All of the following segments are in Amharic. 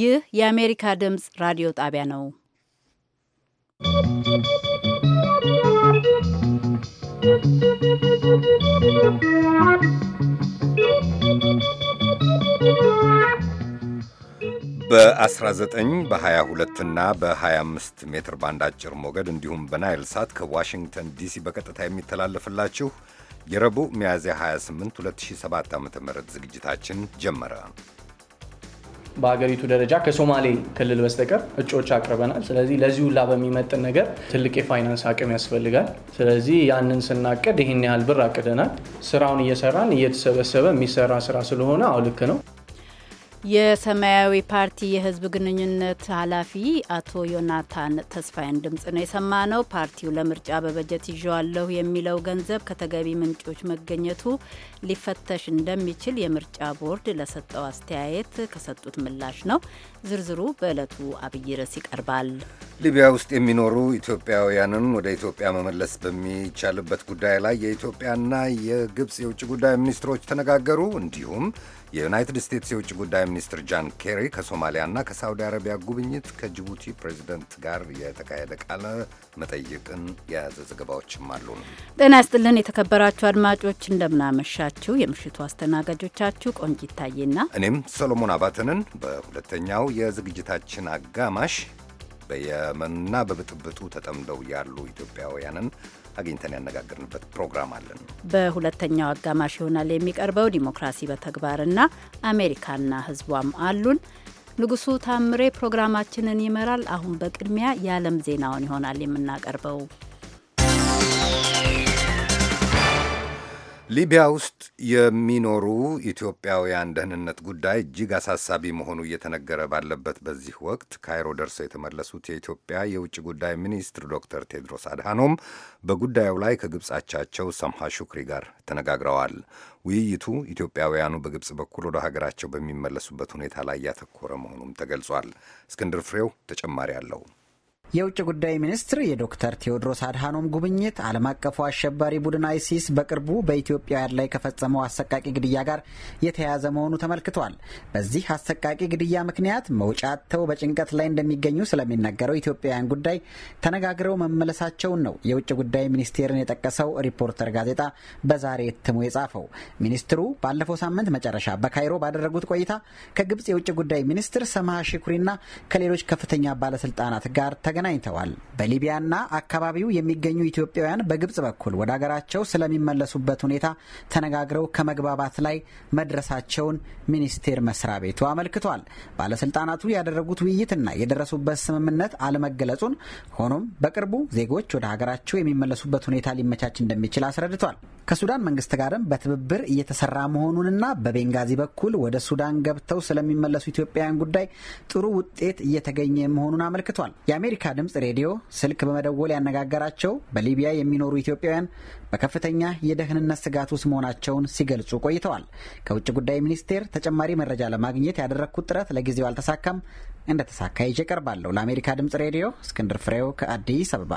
ይህ የአሜሪካ ድምፅ ራዲዮ ጣቢያ ነው። በ19 በ22 እና በ25 ሜትር ባንድ አጭር ሞገድ እንዲሁም በናይል ሳት ከዋሽንግተን ዲሲ በቀጥታ የሚተላለፍላችሁ የረቡዕ ሚያዝያ 28 2007 ዓ ም ዝግጅታችን ጀመረ። በሀገሪቱ ደረጃ ከሶማሌ ክልል በስተቀር እጩዎች አቅርበናል። ስለዚህ ለዚህ ሁላ በሚመጥን ነገር ትልቅ የፋይናንስ አቅም ያስፈልጋል። ስለዚህ ያንን ስናቀድ ይህን ያህል ብር አቅደናል። ስራውን እየሰራን እየተሰበሰበ የሚሰራ ስራ ስለሆነ አውልክ ነው። የሰማያዊ ፓርቲ የህዝብ ግንኙነት ኃላፊ አቶ ዮናታን ተስፋዬን ድምጽ ነው የሰማ ነው። ፓርቲው ለምርጫ በበጀት ይዤዋለሁ የሚለው ገንዘብ ከተገቢ ምንጮች መገኘቱ ሊፈተሽ እንደሚችል የምርጫ ቦርድ ለሰጠው አስተያየት ከሰጡት ምላሽ ነው። ዝርዝሩ በዕለቱ አብይ ርዕስ ይቀርባል። ሊቢያ ውስጥ የሚኖሩ ኢትዮጵያውያንን ወደ ኢትዮጵያ መመለስ በሚቻልበት ጉዳይ ላይ የኢትዮጵያና የግብፅ የውጭ ጉዳይ ሚኒስትሮች ተነጋገሩ። እንዲሁም የዩናይትድ ስቴትስ የውጭ ጉዳይ ሚኒስትር ጃን ኬሪ ከሶማሊያና ከሳውዲ አረቢያ ጉብኝት ከጅቡቲ ፕሬዚደንት ጋር የተካሄደ ቃለ መጠይቅን የያዘ ዘገባዎችም አሉ። ጤና ይስጥልን የተከበራችሁ አድማጮች እንደምናመሻችሁ። የምሽቱ አስተናጋጆቻችሁ ቆንጂት ታዬና እኔም ሰሎሞን አባተንን። በሁለተኛው የዝግጅታችን አጋማሽ በየመንና በብጥብጡ ተጠምደው ያሉ ኢትዮጵያውያንን አግኝተን ያነጋግርንበት ፕሮግራም አለን። በሁለተኛው አጋማሽ ይሆናል የሚቀርበው ዲሞክራሲ በተግባርና አሜሪካና ህዝቧም አሉን። ንጉሱ ታምሬ ፕሮግራማችንን ይመራል። አሁን በቅድሚያ የዓለም ዜናውን ይሆናል የምናቀርበው። ሊቢያ ውስጥ የሚኖሩ ኢትዮጵያውያን ደህንነት ጉዳይ እጅግ አሳሳቢ መሆኑ እየተነገረ ባለበት በዚህ ወቅት ካይሮ ደርሰው የተመለሱት የኢትዮጵያ የውጭ ጉዳይ ሚኒስትር ዶክተር ቴድሮስ አድሃኖም በጉዳዩ ላይ ከግብጻቻቸው ሰምሃ ሹክሪ ጋር ተነጋግረዋል። ውይይቱ ኢትዮጵያውያኑ በግብጽ በኩል ወደ ሀገራቸው በሚመለሱበት ሁኔታ ላይ ያተኮረ መሆኑም ተገልጿል። እስክንድር ፍሬው ተጨማሪ አለው። የውጭ ጉዳይ ሚኒስትር የዶክተር ቴዎድሮስ አድሃኖም ጉብኝት ዓለም አቀፉ አሸባሪ ቡድን አይሲስ በቅርቡ በኢትዮጵያውያን ላይ ከፈጸመው አሰቃቂ ግድያ ጋር የተያያዘ መሆኑ ተመልክቷል። በዚህ አሰቃቂ ግድያ ምክንያት መውጫ አጥተው በጭንቀት ላይ እንደሚገኙ ስለሚነገረው ኢትዮጵያውያን ጉዳይ ተነጋግረው መመለሳቸውን ነው የውጭ ጉዳይ ሚኒስቴርን የጠቀሰው ሪፖርተር ጋዜጣ በዛሬ እትሙ የጻፈው። ሚኒስትሩ ባለፈው ሳምንት መጨረሻ በካይሮ ባደረጉት ቆይታ ከግብጽ የውጭ ጉዳይ ሚኒስትር ሰማሃ ሽኩሪና ከሌሎች ከፍተኛ ባለስልጣናት ጋር ተገ ተገናኝተዋል። በሊቢያና አካባቢው የሚገኙ ኢትዮጵያውያን በግብጽ በኩል ወደ አገራቸው ስለሚመለሱበት ሁኔታ ተነጋግረው ከመግባባት ላይ መድረሳቸውን ሚኒስቴር መስሪያ ቤቱ አመልክቷል። ባለስልጣናቱ ያደረጉት ውይይትና የደረሱበት ስምምነት አለመገለጹን፣ ሆኖም በቅርቡ ዜጎች ወደ ሀገራቸው የሚመለሱበት ሁኔታ ሊመቻች እንደሚችል አስረድቷል። ከሱዳን መንግስት ጋርም በትብብር እየተሰራ መሆኑንና በቤንጋዚ በኩል ወደ ሱዳን ገብተው ስለሚመለሱ ኢትዮጵያውያን ጉዳይ ጥሩ ውጤት እየተገኘ መሆኑን አመልክቷል። የአሜሪካ ድምፅ ሬዲዮ ስልክ በመደወል ያነጋገራቸው በሊቢያ የሚኖሩ ኢትዮጵያውያን በከፍተኛ የደህንነት ስጋት ውስጥ መሆናቸውን ሲገልጹ ቆይተዋል። ከውጭ ጉዳይ ሚኒስቴር ተጨማሪ መረጃ ለማግኘት ያደረግኩት ጥረት ለጊዜው አልተሳካም። እንደተሳካ ይዤ እቀርባለሁ። ለአሜሪካ ድምፅ ሬዲዮ እስክንድር ፍሬው ከአዲስ አበባ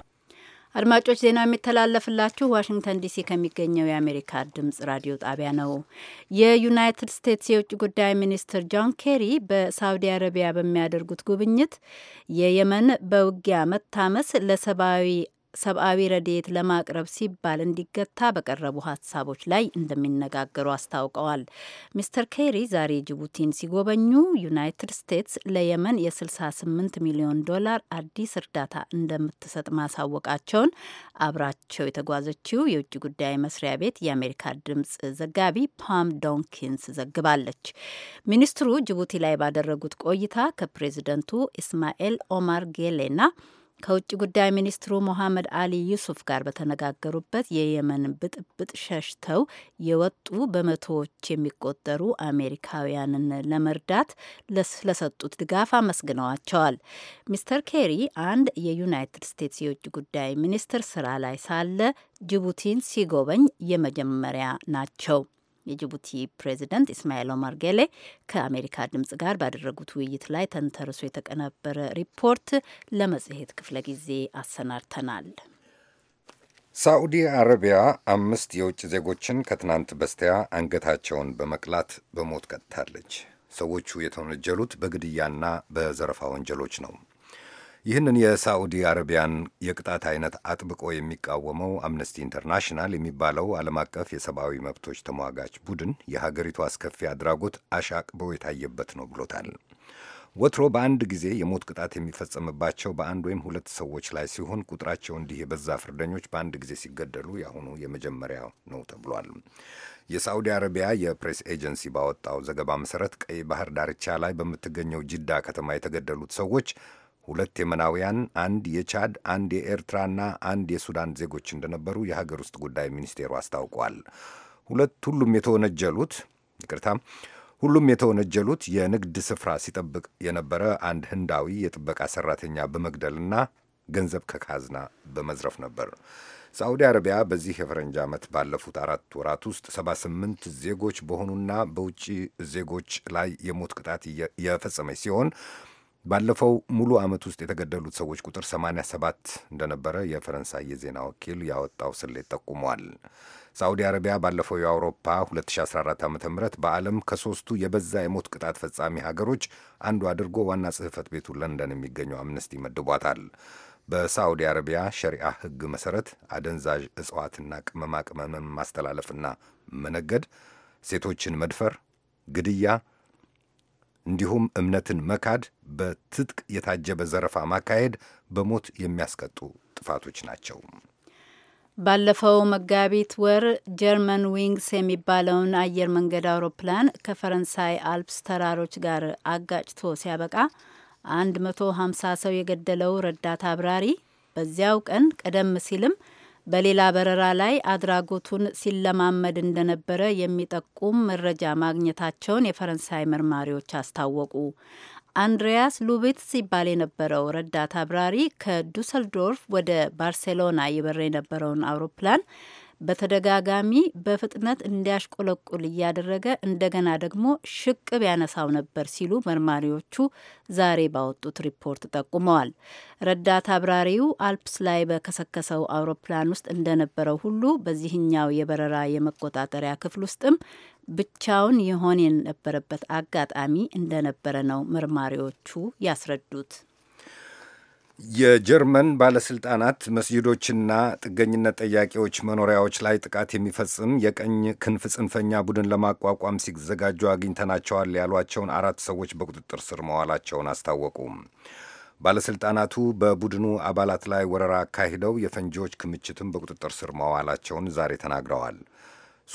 አድማጮች ዜናው የሚተላለፍላችሁ ዋሽንግተን ዲሲ ከሚገኘው የአሜሪካ ድምጽ ራዲዮ ጣቢያ ነው። የዩናይትድ ስቴትስ የውጭ ጉዳይ ሚኒስትር ጆን ኬሪ በሳውዲ አረቢያ በሚያደርጉት ጉብኝት የየመን በውጊያ መታመስ ለሰብአዊ ሰብአዊ ረድኤት ለማቅረብ ሲባል እንዲገታ በቀረቡ ሀሳቦች ላይ እንደሚነጋገሩ አስታውቀዋል። ሚስተር ኬሪ ዛሬ ጅቡቲን ሲጎበኙ ዩናይትድ ስቴትስ ለየመን የ68 ሚሊዮን ዶላር አዲስ እርዳታ እንደምትሰጥ ማሳወቃቸውን አብራቸው የተጓዘችው የውጭ ጉዳይ መስሪያ ቤት የአሜሪካ ድምጽ ዘጋቢ ፓም ዶንኪንስ ዘግባለች። ሚኒስትሩ ጅቡቲ ላይ ባደረጉት ቆይታ ከፕሬዚደንቱ ኢስማኤል ኦማር ጌሌና ከውጭ ጉዳይ ሚኒስትሩ ሞሐመድ አሊ ዩሱፍ ጋር በተነጋገሩበት የየመን ብጥብጥ ሸሽተው የወጡ በመቶዎች የሚቆጠሩ አሜሪካውያንን ለመርዳት ለሰጡት ድጋፍ አመስግነዋቸዋል። ሚስተር ኬሪ አንድ የዩናይትድ ስቴትስ የውጭ ጉዳይ ሚኒስትር ስራ ላይ ሳለ ጅቡቲን ሲጎበኝ የመጀመሪያ ናቸው። የጅቡቲ ፕሬዚደንት ኢስማኤል ኦማር ጌሌ ከአሜሪካ ድምጽ ጋር ባደረጉት ውይይት ላይ ተንተርሶ የተቀነበረ ሪፖርት ለመጽሔት ክፍለ ጊዜ አሰናድተናል። ሳዑዲ አረቢያ አምስት የውጭ ዜጎችን ከትናንት በስቲያ አንገታቸውን በመቅላት በሞት ቀጥታለች። ሰዎቹ የተወነጀሉት በግድያና በዘረፋ ወንጀሎች ነው። ይህንን የሳዑዲ አረቢያን የቅጣት አይነት አጥብቆ የሚቃወመው አምነስቲ ኢንተርናሽናል የሚባለው ዓለም አቀፍ የሰብአዊ መብቶች ተሟጋች ቡድን የሀገሪቱ አስከፊ አድራጎት አሻቅቦ የታየበት ነው ብሎታል። ወትሮ በአንድ ጊዜ የሞት ቅጣት የሚፈጸምባቸው በአንድ ወይም ሁለት ሰዎች ላይ ሲሆን ቁጥራቸው እንዲህ የበዛ ፍርደኞች በአንድ ጊዜ ሲገደሉ የአሁኑ የመጀመሪያ ነው ተብሏል። የሳዑዲ አረቢያ የፕሬስ ኤጀንሲ ባወጣው ዘገባ መሰረት ቀይ ባህር ዳርቻ ላይ በምትገኘው ጅዳ ከተማ የተገደሉት ሰዎች ሁለት የመናውያን፣ አንድ የቻድ፣ አንድ የኤርትራና አንድ የሱዳን ዜጎች እንደነበሩ የሀገር ውስጥ ጉዳይ ሚኒስቴሩ አስታውቋል። ሁለት ሁሉም የተወነጀሉት ይቅርታ ሁሉም የተወነጀሉት የንግድ ስፍራ ሲጠብቅ የነበረ አንድ ህንዳዊ የጥበቃ ሰራተኛ በመግደልና ገንዘብ ከካዝና በመዝረፍ ነበር። ሳዑዲ አረቢያ በዚህ የፈረንጅ ዓመት ባለፉት አራት ወራት ውስጥ 78 ዜጎች በሆኑና በውጭ ዜጎች ላይ የሞት ቅጣት የፈጸመች ሲሆን ባለፈው ሙሉ ዓመት ውስጥ የተገደሉት ሰዎች ቁጥር 87 እንደነበረ የፈረንሳይ የዜና ወኪል ያወጣው ስሌት ጠቁሟል። ሳዑዲ አረቢያ ባለፈው የአውሮፓ 2014 ዓ ም በዓለም ከሦስቱ የበዛ የሞት ቅጣት ፈጻሚ ሀገሮች አንዱ አድርጎ ዋና ጽሕፈት ቤቱ ለንደን የሚገኘው አምነስቲ መድቧታል። በሳዑዲ አረቢያ ሸሪዓ ሕግ መሠረት አደንዛዥ እጽዋትና ቅመማ ቅመምን ማስተላለፍና መነገድ፣ ሴቶችን መድፈር፣ ግድያ እንዲሁም እምነትን መካድ፣ በትጥቅ የታጀበ ዘረፋ ማካሄድ በሞት የሚያስቀጡ ጥፋቶች ናቸው። ባለፈው መጋቢት ወር ጀርመን ዊንግስ የሚባለውን አየር መንገድ አውሮፕላን ከፈረንሳይ አልፕስ ተራሮች ጋር አጋጭቶ ሲያበቃ 150 ሰው የገደለው ረዳት አብራሪ በዚያው ቀን ቀደም ሲልም በሌላ በረራ ላይ አድራጎቱን ሲለማመድ እንደነበረ የሚጠቁም መረጃ ማግኘታቸውን የፈረንሳይ መርማሪዎች አስታወቁ። አንድሪያስ ሉቤትስ ሲባል የነበረው ረዳት አብራሪ ከዱሰልዶርፍ ወደ ባርሴሎና ይበር የነበረውን አውሮፕላን በተደጋጋሚ በፍጥነት እንዲያሽቆለቁል እያደረገ እንደገና ደግሞ ሽቅብ ያነሳው ነበር ሲሉ መርማሪዎቹ ዛሬ ባወጡት ሪፖርት ጠቁመዋል። ረዳት አብራሪው አልፕስ ላይ በከሰከሰው አውሮፕላን ውስጥ እንደነበረው ሁሉ በዚህኛው የበረራ የመቆጣጠሪያ ክፍል ውስጥም ብቻውን የሆን የነበረበት አጋጣሚ እንደነበረ ነው መርማሪዎቹ ያስረዱት። የጀርመን ባለስልጣናት መስጂዶችና ጥገኝነት ጠያቂዎች መኖሪያዎች ላይ ጥቃት የሚፈጽም የቀኝ ክንፍ ጽንፈኛ ቡድን ለማቋቋም ሲዘጋጁ አግኝተናቸዋል ያሏቸውን አራት ሰዎች በቁጥጥር ስር መዋላቸውን አስታወቁ። ባለስልጣናቱ በቡድኑ አባላት ላይ ወረራ አካሂደው የፈንጂዎች ክምችትም በቁጥጥር ስር መዋላቸውን ዛሬ ተናግረዋል።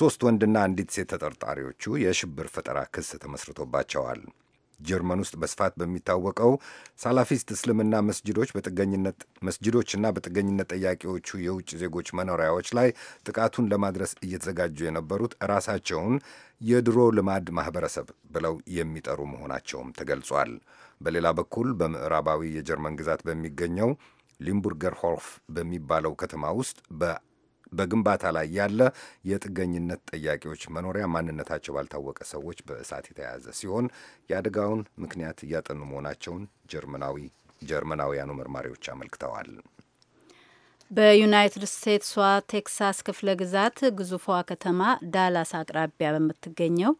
ሦስት ወንድና አንዲት ሴት ተጠርጣሪዎቹ የሽብር ፈጠራ ክስ ተመስርቶባቸዋል። ጀርመን ውስጥ በስፋት በሚታወቀው ሳላፊስት እስልምና መስጅዶች በጥገኝነት መስጅዶችና በጥገኝነት ጠያቂዎቹ የውጭ ዜጎች መኖሪያዎች ላይ ጥቃቱን ለማድረስ እየተዘጋጁ የነበሩት ራሳቸውን የድሮ ልማድ ማህበረሰብ ብለው የሚጠሩ መሆናቸውም ተገልጿል። በሌላ በኩል በምዕራባዊ የጀርመን ግዛት በሚገኘው ሊምቡርገር ሆልፍ በሚባለው ከተማ ውስጥ በ በግንባታ ላይ ያለ የጥገኝነት ጠያቂዎች መኖሪያ ማንነታቸው ባልታወቀ ሰዎች በእሳት የተያዘ ሲሆን የአደጋውን ምክንያት እያጠኑ መሆናቸውን ጀርመናዊ ጀርመናውያኑ መርማሪዎች አመልክተዋል። በዩናይትድ ስቴትሷ ቴክሳስ ክፍለ ግዛት ግዙፏ ከተማ ዳላስ አቅራቢያ በምትገኘው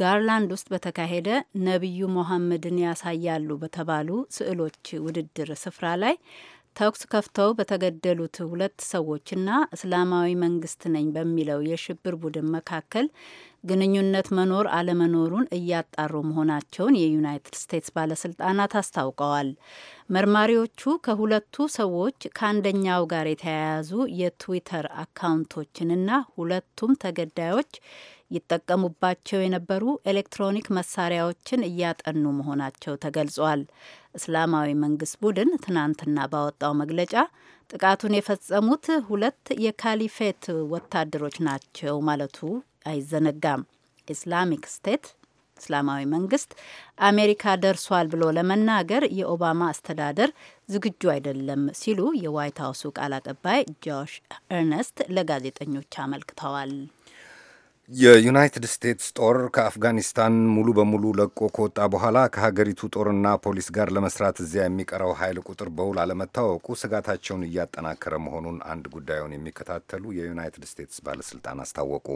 ጋርላንድ ውስጥ በተካሄደ ነቢዩ መሐመድን ያሳያሉ በተባሉ ስዕሎች ውድድር ስፍራ ላይ ተኩስ ከፍተው በተገደሉት ሁለት ሰዎችና እስላማዊ መንግስት ነኝ በሚለው የሽብር ቡድን መካከል ግንኙነት መኖር አለመኖሩን እያጣሩ መሆናቸውን የዩናይትድ ስቴትስ ባለስልጣናት አስታውቀዋል። መርማሪዎቹ ከሁለቱ ሰዎች ከአንደኛው ጋር የተያያዙ የትዊተር አካውንቶችንና ሁለቱም ተገዳዮች ይጠቀሙባቸው የነበሩ ኤሌክትሮኒክ መሳሪያዎችን እያጠኑ መሆናቸው ተገልጿል። እስላማዊ መንግስት ቡድን ትናንትና ባወጣው መግለጫ ጥቃቱን የፈጸሙት ሁለት የካሊፌት ወታደሮች ናቸው ማለቱ አይዘነጋም። ኢስላሚክ ስቴት እስላማዊ መንግስት አሜሪካ ደርሷል ብሎ ለመናገር የኦባማ አስተዳደር ዝግጁ አይደለም ሲሉ የዋይት ሀውሱ ቃል አቀባይ ጆሽ ኤርነስት ለጋዜጠኞች አመልክተዋል። የዩናይትድ ስቴትስ ጦር ከአፍጋኒስታን ሙሉ በሙሉ ለቆ ከወጣ በኋላ ከሀገሪቱ ጦርና ፖሊስ ጋር ለመስራት እዚያ የሚቀረው ኃይል ቁጥር በውል አለመታወቁ ስጋታቸውን እያጠናከረ መሆኑን አንድ ጉዳዩን የሚከታተሉ የዩናይትድ ስቴትስ ባለስልጣን አስታወቁ።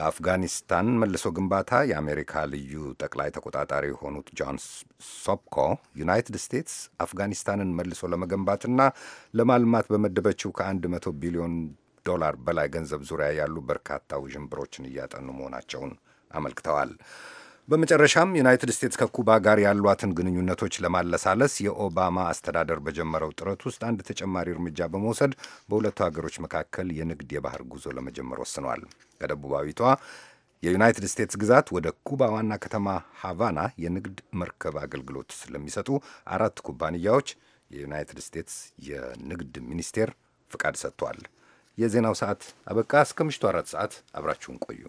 ለአፍጋኒስታን መልሶ ግንባታ የአሜሪካ ልዩ ጠቅላይ ተቆጣጣሪ የሆኑት ጆን ሶፕኮ ዩናይትድ ስቴትስ አፍጋኒስታንን መልሶ ለመገንባትና ለማልማት በመደበችው ከአንድ መቶ ቢሊዮን ዶላር በላይ ገንዘብ ዙሪያ ያሉ በርካታ ውዥንብሮችን እያጠኑ መሆናቸውን አመልክተዋል። በመጨረሻም ዩናይትድ ስቴትስ ከኩባ ጋር ያሏትን ግንኙነቶች ለማለሳለስ የኦባማ አስተዳደር በጀመረው ጥረት ውስጥ አንድ ተጨማሪ እርምጃ በመውሰድ በሁለቱ ሀገሮች መካከል የንግድ የባህር ጉዞ ለመጀመር ወስኗል። ከደቡባዊቷ የዩናይትድ ስቴትስ ግዛት ወደ ኩባ ዋና ከተማ ሃቫና የንግድ መርከብ አገልግሎት ስለሚሰጡ አራት ኩባንያዎች የዩናይትድ ስቴትስ የንግድ ሚኒስቴር ፍቃድ ሰጥቷል። የዜናው ሰዓት አበቃ። እስከ ምሽቱ አራት ሰዓት አብራችሁን ቆዩ።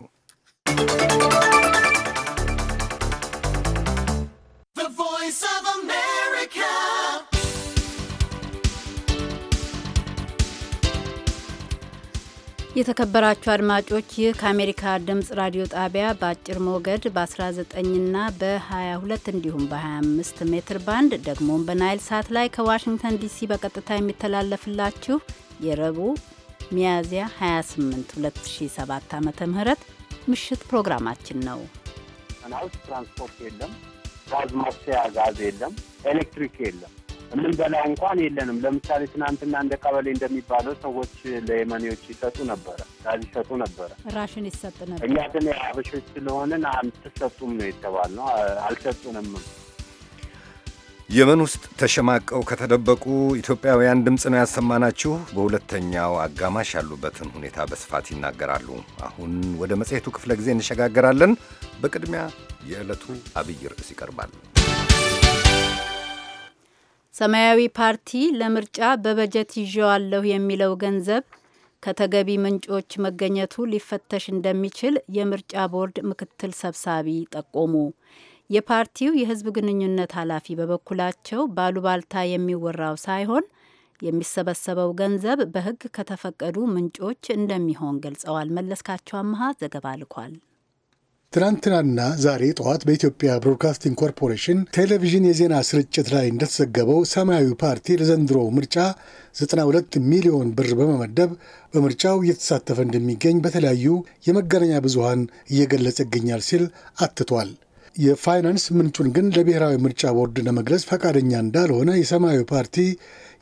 የተከበራችሁ አድማጮች ይህ ከአሜሪካ ድምጽ ራዲዮ ጣቢያ በአጭር ሞገድ በ19ና በ22 እንዲሁም በ25 ሜትር ባንድ ደግሞም በናይል ሳት ላይ ከዋሽንግተን ዲሲ በቀጥታ የሚተላለፍላችሁ የረቡዕ ሚያዝያ 28 2007 ዓ ም ምሽት ፕሮግራማችን ነው። ናውስ ትራንስፖርት የለም፣ ጋዝ ማስያ ጋዝ የለም፣ ኤሌክትሪክ የለም፣ የምንበላው እንኳን የለንም። ለምሳሌ ትናንትና እንደ ቀበሌ እንደሚባለው ሰዎች ለየመኔዎች ይሰጡ ነበረ፣ ጋዝ ይሰጡ ነበረ፣ ራሽን ይሰጥ ነበር። እኛ ግን አበሾች ስለሆንን አትሰጡም ነው የተባልነው። አልሰጡንም። የመን ውስጥ ተሸማቀው ከተደበቁ ኢትዮጵያውያን ድምፅ ነው ያሰማናችሁ። በሁለተኛው አጋማሽ ያሉበትን ሁኔታ በስፋት ይናገራሉ። አሁን ወደ መጽሔቱ ክፍለ ጊዜ እንሸጋገራለን። በቅድሚያ የዕለቱ አብይ ርዕስ ይቀርባል። ሰማያዊ ፓርቲ ለምርጫ በበጀት ይዤዋለሁ የሚለው ገንዘብ ከተገቢ ምንጮች መገኘቱ ሊፈተሽ እንደሚችል የምርጫ ቦርድ ምክትል ሰብሳቢ ጠቆሙ። የፓርቲው የህዝብ ግንኙነት ኃላፊ በበኩላቸው ባሉባልታ የሚወራው ሳይሆን የሚሰበሰበው ገንዘብ በህግ ከተፈቀዱ ምንጮች እንደሚሆን ገልጸዋል። መለስካቸው አመሃ ዘገባ ልኳል። ትናንትናና ዛሬ ጠዋት በኢትዮጵያ ብሮድካስቲንግ ኮርፖሬሽን ቴሌቪዥን የዜና ስርጭት ላይ እንደተዘገበው ሰማያዊ ፓርቲ ለዘንድሮ ምርጫ 92 ሚሊዮን ብር በመመደብ በምርጫው እየተሳተፈ እንደሚገኝ በተለያዩ የመገናኛ ብዙሃን እየገለጸ ይገኛል ሲል አትቷል። የፋይናንስ ምንጩን ግን ለብሔራዊ ምርጫ ቦርድ ለመግለጽ ፈቃደኛ እንዳልሆነ የሰማያዊ ፓርቲ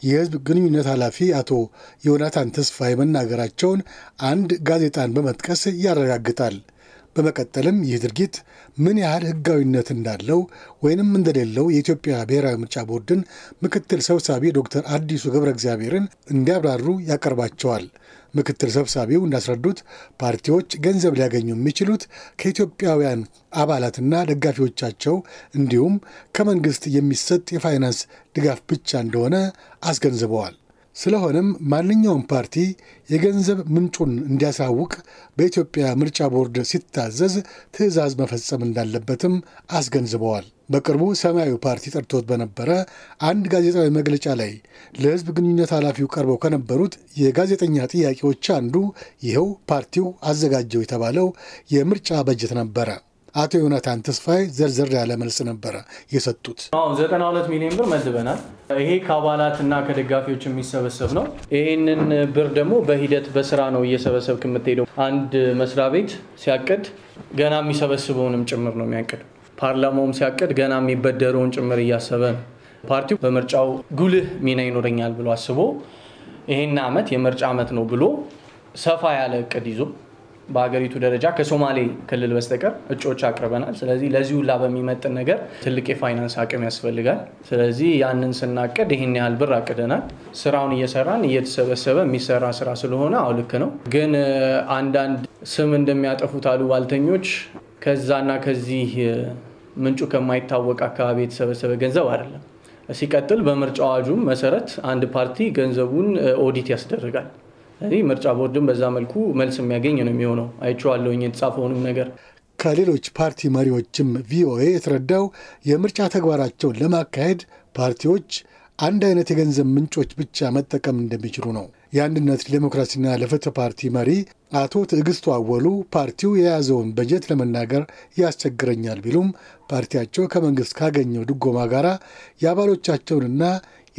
የህዝብ ግንኙነት ኃላፊ አቶ ዮናታን ተስፋዬ መናገራቸውን አንድ ጋዜጣን በመጥቀስ ያረጋግጣል። በመቀጠልም ይህ ድርጊት ምን ያህል ህጋዊነት እንዳለው ወይንም እንደሌለው የኢትዮጵያ ብሔራዊ ምርጫ ቦርድን ምክትል ሰብሳቢ ዶክተር አዲሱ ገብረ እግዚአብሔርን እንዲያብራሩ ያቀርባቸዋል። ምክትል ሰብሳቢው እንዳስረዱት ፓርቲዎች ገንዘብ ሊያገኙ የሚችሉት ከኢትዮጵያውያን አባላትና ደጋፊዎቻቸው እንዲሁም ከመንግስት የሚሰጥ የፋይናንስ ድጋፍ ብቻ እንደሆነ አስገንዝበዋል። ስለሆነም ማንኛውም ፓርቲ የገንዘብ ምንጩን እንዲያሳውቅ በኢትዮጵያ ምርጫ ቦርድ ሲታዘዝ ትዕዛዝ መፈጸም እንዳለበትም አስገንዝበዋል። በቅርቡ ሰማያዊ ፓርቲ ጠርቶት በነበረ አንድ ጋዜጣዊ መግለጫ ላይ ለህዝብ ግንኙነት ኃላፊው ቀርበው ከነበሩት የጋዜጠኛ ጥያቄዎች አንዱ ይኸው ፓርቲው አዘጋጀው የተባለው የምርጫ በጀት ነበረ። አቶ ዮናታን ተስፋይ ዘርዘር ያለ መልስ ነበረ የሰጡት። አሁን 92 ሚሊዮን ብር መድበናል። ይሄ ከአባላትና ከደጋፊዎች የሚሰበሰብ ነው። ይህንን ብር ደግሞ በሂደት በስራ ነው እየሰበሰብ የምትሄደው አንድ መስሪያ ቤት ሲያቅድ ገና የሚሰበስበውንም ጭምር ነው የሚያቅድ ፓርላማውም ሲያቅድ ገና የሚበደረውን ጭምር እያሰበ ነው። ፓርቲው በምርጫው ጉልህ ሚና ይኖረኛል ብሎ አስቦ ይህን ዓመት የምርጫ ዓመት ነው ብሎ ሰፋ ያለ እቅድ ይዞ በሀገሪቱ ደረጃ ከሶማሌ ክልል በስተቀር እጩዎች አቅርበናል። ስለዚህ ለዚህ ሁላ በሚመጥን ነገር ትልቅ የፋይናንስ አቅም ያስፈልጋል። ስለዚህ ያንን ስናቅድ ይህን ያህል ብር አቅደናል። ስራውን እየሰራን እየተሰበሰበ የሚሰራ ስራ ስለሆነ አዎ ልክ ነው። ግን አንዳንድ ስም እንደሚያጠፉት አሉ ባልተኞች ከዛና ከዚህ ምንጩ ከማይታወቅ አካባቢ የተሰበሰበ ገንዘብ አይደለም። ሲቀጥል በምርጫ አዋጁም መሰረት አንድ ፓርቲ ገንዘቡን ኦዲት ያስደርጋል። እኔ ምርጫ ቦርድም በዛ መልኩ መልስ የሚያገኝ ነው የሚሆነው። አይቼዋለሁኝ የተጻፈውንም ነገር። ከሌሎች ፓርቲ መሪዎችም ቪኦኤ የተረዳው የምርጫ ተግባራቸውን ለማካሄድ ፓርቲዎች አንድ አይነት የገንዘብ ምንጮች ብቻ መጠቀም እንደሚችሉ ነው። የአንድነት ዲሞክራሲና ለፍትህ ፓርቲ መሪ አቶ ትዕግስቱ አወሉ ፓርቲው የያዘውን በጀት ለመናገር ያስቸግረኛል ቢሉም ፓርቲያቸው ከመንግሥት ካገኘው ድጎማ ጋር የአባሎቻቸውንና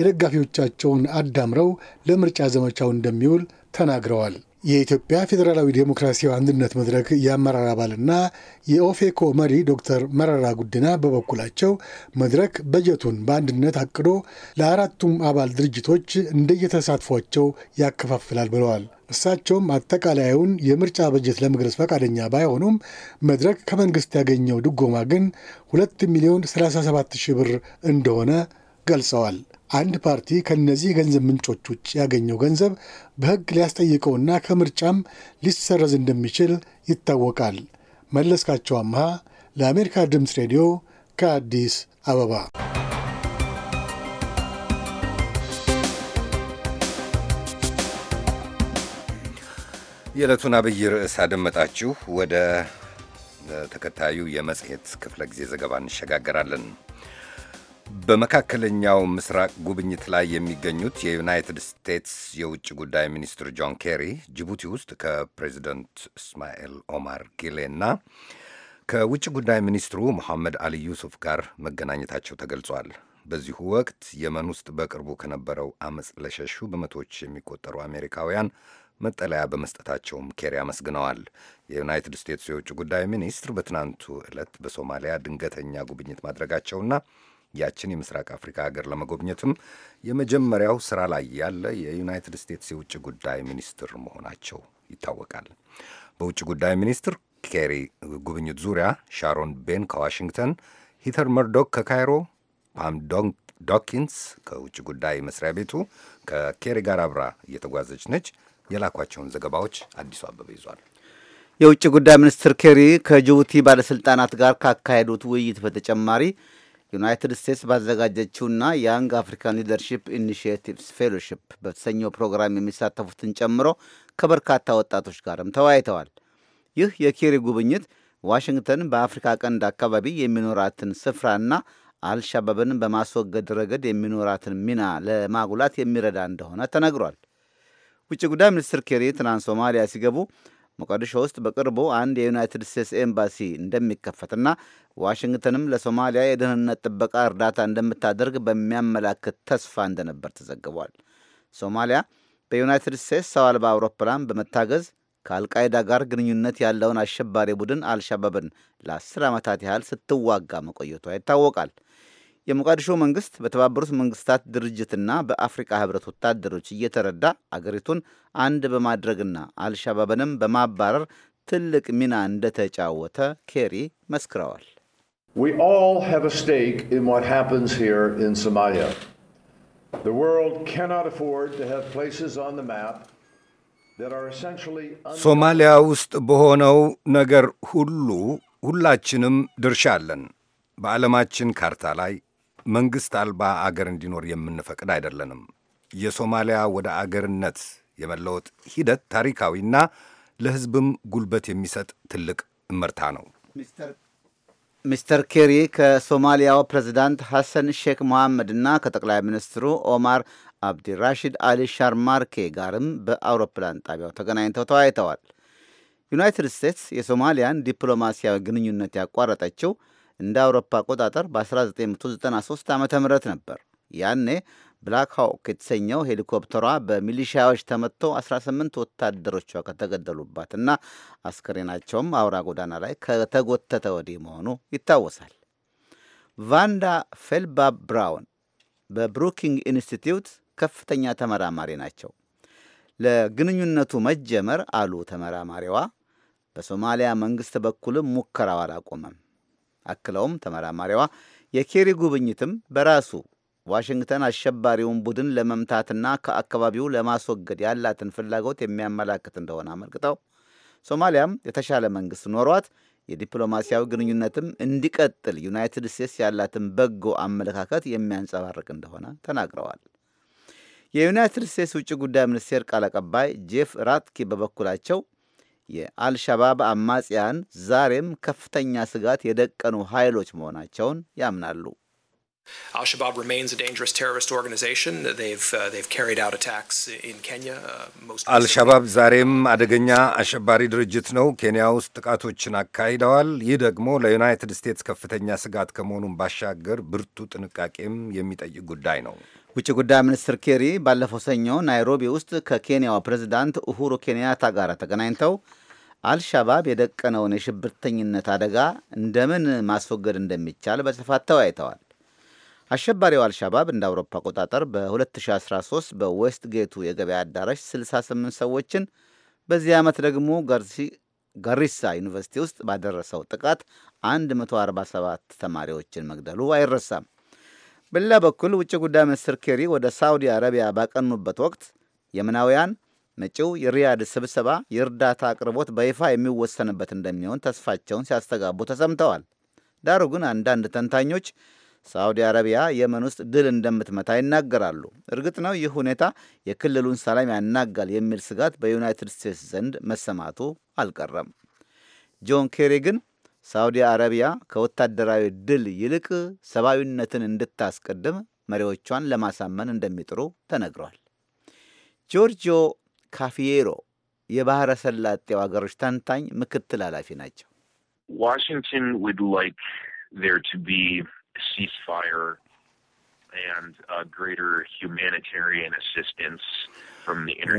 የደጋፊዎቻቸውን አዳምረው ለምርጫ ዘመቻው እንደሚውል ተናግረዋል። የኢትዮጵያ ፌዴራላዊ ዴሞክራሲያዊ አንድነት መድረክ የአመራር አባልና የኦፌኮ መሪ ዶክተር መረራ ጉድና በበኩላቸው መድረክ በጀቱን በአንድነት አቅዶ ለአራቱም አባል ድርጅቶች እንደየተሳትፏቸው ያከፋፍላል ብለዋል። እሳቸውም አጠቃላዩን የምርጫ በጀት ለመግለጽ ፈቃደኛ ባይሆኑም መድረክ ከመንግስት ያገኘው ድጎማ ግን 2 ሚሊዮን 37 ሺህ ብር እንደሆነ ገልጸዋል። አንድ ፓርቲ ከእነዚህ የገንዘብ ምንጮች ውጭ ያገኘው ገንዘብ በሕግ ሊያስጠይቀውና ከምርጫም ሊሰረዝ እንደሚችል ይታወቃል። መለስካቸው አምሃ ለአሜሪካ ድምፅ ሬዲዮ ከአዲስ አበባ የዕለቱን አብይ ርዕስ አደመጣችሁ። ወደ ተከታዩ የመጽሔት ክፍለ ጊዜ ዘገባ እንሸጋገራለን። በመካከለኛው ምስራቅ ጉብኝት ላይ የሚገኙት የዩናይትድ ስቴትስ የውጭ ጉዳይ ሚኒስትር ጆን ኬሪ ጅቡቲ ውስጥ ከፕሬዚደንት እስማኤል ኦማር እና ከውጭ ጉዳይ ሚኒስትሩ መሐመድ አሊ ዩሱፍ ጋር መገናኘታቸው ተገልጿል። በዚሁ ወቅት የመን ውስጥ በቅርቡ ከነበረው አመፅ ለሸሹ በመቶዎች የሚቆጠሩ አሜሪካውያን መጠለያ በመስጠታቸውም ኬሪ አመስግነዋል። የዩናይትድ ስቴትስ የውጭ ጉዳይ ሚኒስትር በትናንቱ ዕለት በሶማሊያ ድንገተኛ ጉብኝት ማድረጋቸውና ያችን የምስራቅ አፍሪካ ሀገር ለመጎብኘትም የመጀመሪያው ስራ ላይ ያለ የዩናይትድ ስቴትስ የውጭ ጉዳይ ሚኒስትር መሆናቸው ይታወቃል። በውጭ ጉዳይ ሚኒስትር ኬሪ ጉብኝት ዙሪያ ሻሮን ቤን ከዋሽንግተን፣ ሂተር መርዶክ ከካይሮ፣ ፓም ዶኪንስ ከውጭ ጉዳይ መስሪያ ቤቱ ከኬሪ ጋር አብራ እየተጓዘች ነች። የላኳቸውን ዘገባዎች አዲሱ አበበ ይዟል። የውጭ ጉዳይ ሚኒስትር ኬሪ ከጅቡቲ ባለሥልጣናት ጋር ካካሄዱት ውይይት በተጨማሪ ዩናይትድ ስቴትስ ባዘጋጀችውና ያንግ አፍሪካን ሊደርሺፕ ኢኒሽቲቭስ ፌሎሺፕ በተሰኘው ፕሮግራም የሚሳተፉትን ጨምሮ ከበርካታ ወጣቶች ጋርም ተወያይተዋል። ይህ የኬሪ ጉብኝት ዋሽንግተን በአፍሪካ ቀንድ አካባቢ የሚኖራትን ስፍራና አልሻባብን በማስወገድ ረገድ የሚኖራትን ሚና ለማጉላት የሚረዳ እንደሆነ ተነግሯል። ውጭ ጉዳይ ሚኒስትር ኬሪ ትናንት ሶማሊያ ሲገቡ ሞቃዲሾ ውስጥ በቅርቡ አንድ የዩናይትድ ስቴትስ ኤምባሲ እንደሚከፈትና ዋሽንግተንም ለሶማሊያ የደህንነት ጥበቃ እርዳታ እንደምታደርግ በሚያመላክት ተስፋ እንደነበር ተዘግቧል። ሶማሊያ በዩናይትድ ስቴትስ ሰው አልባ አውሮፕላን በመታገዝ ከአልቃይዳ ጋር ግንኙነት ያለውን አሸባሪ ቡድን አልሻባብን ለአስር ዓመታት ያህል ስትዋጋ መቆየቷ ይታወቃል። የሞቃዲሾ መንግስት በተባበሩት መንግስታት ድርጅትና በአፍሪካ ህብረት ወታደሮች እየተረዳ አገሪቱን አንድ በማድረግና አልሻባብንም በማባረር ትልቅ ሚና እንደተጫወተ ኬሪ መስክረዋል። ሶማሊያ ውስጥ በሆነው ነገር ሁሉ ሁላችንም ድርሻ አለን። በዓለማችን ካርታ ላይ መንግሥት አልባ አገር እንዲኖር የምንፈቅድ አይደለንም። የሶማሊያ ወደ አገርነት የመለወጥ ሂደት ታሪካዊና ለሕዝብም ጉልበት የሚሰጥ ትልቅ እመርታ ነው። ሚስተር ኬሪ ከሶማሊያው ፕሬዚዳንት ሐሰን ሼክ መሐመድና ከጠቅላይ ሚኒስትሩ ኦማር አብዲራሺድ አሊ ሻርማርኬ ጋርም በአውሮፕላን ጣቢያው ተገናኝተው ተወያይተዋል። ዩናይትድ ስቴትስ የሶማሊያን ዲፕሎማሲያዊ ግንኙነት ያቋረጠችው እንደ አውሮፓ አቆጣጠር በ1993 ዓ ም ነበር። ያኔ ብላክ ሃውክ የተሰኘው ሄሊኮፕተሯ በሚሊሺያዎች ተመትቶ 18 ወታደሮቿ ከተገደሉባት እና አስከሬናቸውም አውራ ጎዳና ላይ ከተጎተተ ወዲህ መሆኑ ይታወሳል። ቫንዳ ፌልባ ብራውን በብሩኪንግ ኢንስቲትዩት ከፍተኛ ተመራማሪ ናቸው። ለግንኙነቱ መጀመር አሉ ተመራማሪዋ፣ በሶማሊያ መንግስት በኩልም ሙከራው አላቆመም። አክለውም ተመራማሪዋ የኬሪ ጉብኝትም በራሱ ዋሽንግተን አሸባሪውን ቡድን ለመምታትና ከአካባቢው ለማስወገድ ያላትን ፍላጎት የሚያመላክት እንደሆነ አመልክተው ሶማሊያም የተሻለ መንግስት ኖሯት የዲፕሎማሲያዊ ግንኙነትም እንዲቀጥል ዩናይትድ ስቴትስ ያላትን በጎ አመለካከት የሚያንጸባርቅ እንደሆነ ተናግረዋል። የዩናይትድ ስቴትስ ውጭ ጉዳይ ሚኒስቴር ቃል አቀባይ ጄፍ ራትኪ በበኩላቸው የአልሸባብ አማጽያን ዛሬም ከፍተኛ ስጋት የደቀኑ ኃይሎች መሆናቸውን ያምናሉ። uh, uh, አልሻባብ ዛሬም አደገኛ አሸባሪ ድርጅት ነው። ኬንያ ውስጥ ጥቃቶችን አካሂደዋል። ይህ ደግሞ ለዩናይትድ ስቴትስ ከፍተኛ ስጋት ከመሆኑን ባሻገር ብርቱ ጥንቃቄም የሚጠይቅ ጉዳይ ነው። ውጭ ጉዳይ ሚኒስትር ኬሪ ባለፈው ሰኞ ናይሮቢ ውስጥ ከኬንያው ፕሬዚዳንት ኡሁሩ ኬንያታ ጋር ተገናኝተው አልሻባብ የደቀነውን የሽብርተኝነት አደጋ እንደምን ማስወገድ እንደሚቻል በስፋት ተወያይተዋል። አሸባሪው አልሻባብ እንደ አውሮፓ አቆጣጠር በ2013 በዌስት ጌቱ የገበያ አዳራሽ 68 ሰዎችን በዚህ ዓመት ደግሞ ጋሪሳ ዩኒቨርሲቲ ውስጥ ባደረሰው ጥቃት 147 ተማሪዎችን መግደሉ አይረሳም። በሌላ በኩል ውጭ ጉዳይ ሚኒስትር ኬሪ ወደ ሳውዲ አረቢያ ባቀኑበት ወቅት የመናውያን መጪው የሪያድ ስብሰባ የእርዳታ አቅርቦት በይፋ የሚወሰንበት እንደሚሆን ተስፋቸውን ሲያስተጋቡ ተሰምተዋል። ዳሩ ግን አንዳንድ ተንታኞች ሳዑዲ አረቢያ የመን ውስጥ ድል እንደምትመታ ይናገራሉ። እርግጥ ነው ይህ ሁኔታ የክልሉን ሰላም ያናጋል የሚል ስጋት በዩናይትድ ስቴትስ ዘንድ መሰማቱ አልቀረም። ጆን ኬሪ ግን ሳዑዲ አረቢያ ከወታደራዊ ድል ይልቅ ሰብአዊነትን እንድታስቀድም መሪዎቿን ለማሳመን እንደሚጥሩ ተነግሯል። ጆርጂዮ ካፊየሮ የባህረ ሰላጤው ሀገሮች ተንታኝ ምክትል ኃላፊ ናቸው። ዋሽንግተን ውድ ላይክ ዜር ቱ ቢ ሲስፋየር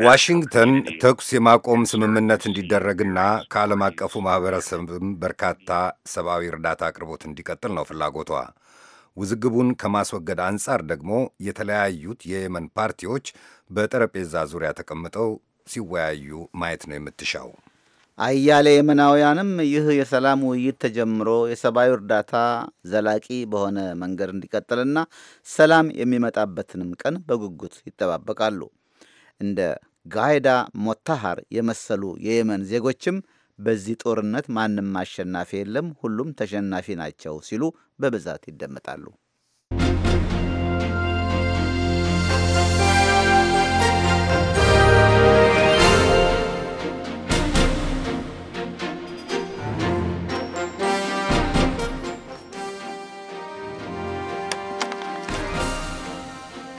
ዋሽንግተን ተኩስ የማቆም ስምምነት እንዲደረግና ከዓለም አቀፉ ማኅበረሰብም በርካታ ሰብአዊ እርዳታ አቅርቦት እንዲቀጥል ነው ፍላጎቷ። ውዝግቡን ከማስወገድ አንጻር ደግሞ የተለያዩት የየመን ፓርቲዎች በጠረጴዛ ዙሪያ ተቀምጠው ሲወያዩ ማየት ነው የምትሻው። አያሌ የመናውያንም ይህ የሰላም ውይይት ተጀምሮ የሰብአዊ እርዳታ ዘላቂ በሆነ መንገድ እንዲቀጥልና ሰላም የሚመጣበትንም ቀን በጉጉት ይጠባበቃሉ። እንደ ጋይዳ ሞታሃር የመሰሉ የየመን ዜጎችም በዚህ ጦርነት ማንም አሸናፊ የለም፣ ሁሉም ተሸናፊ ናቸው ሲሉ በብዛት ይደመጣሉ።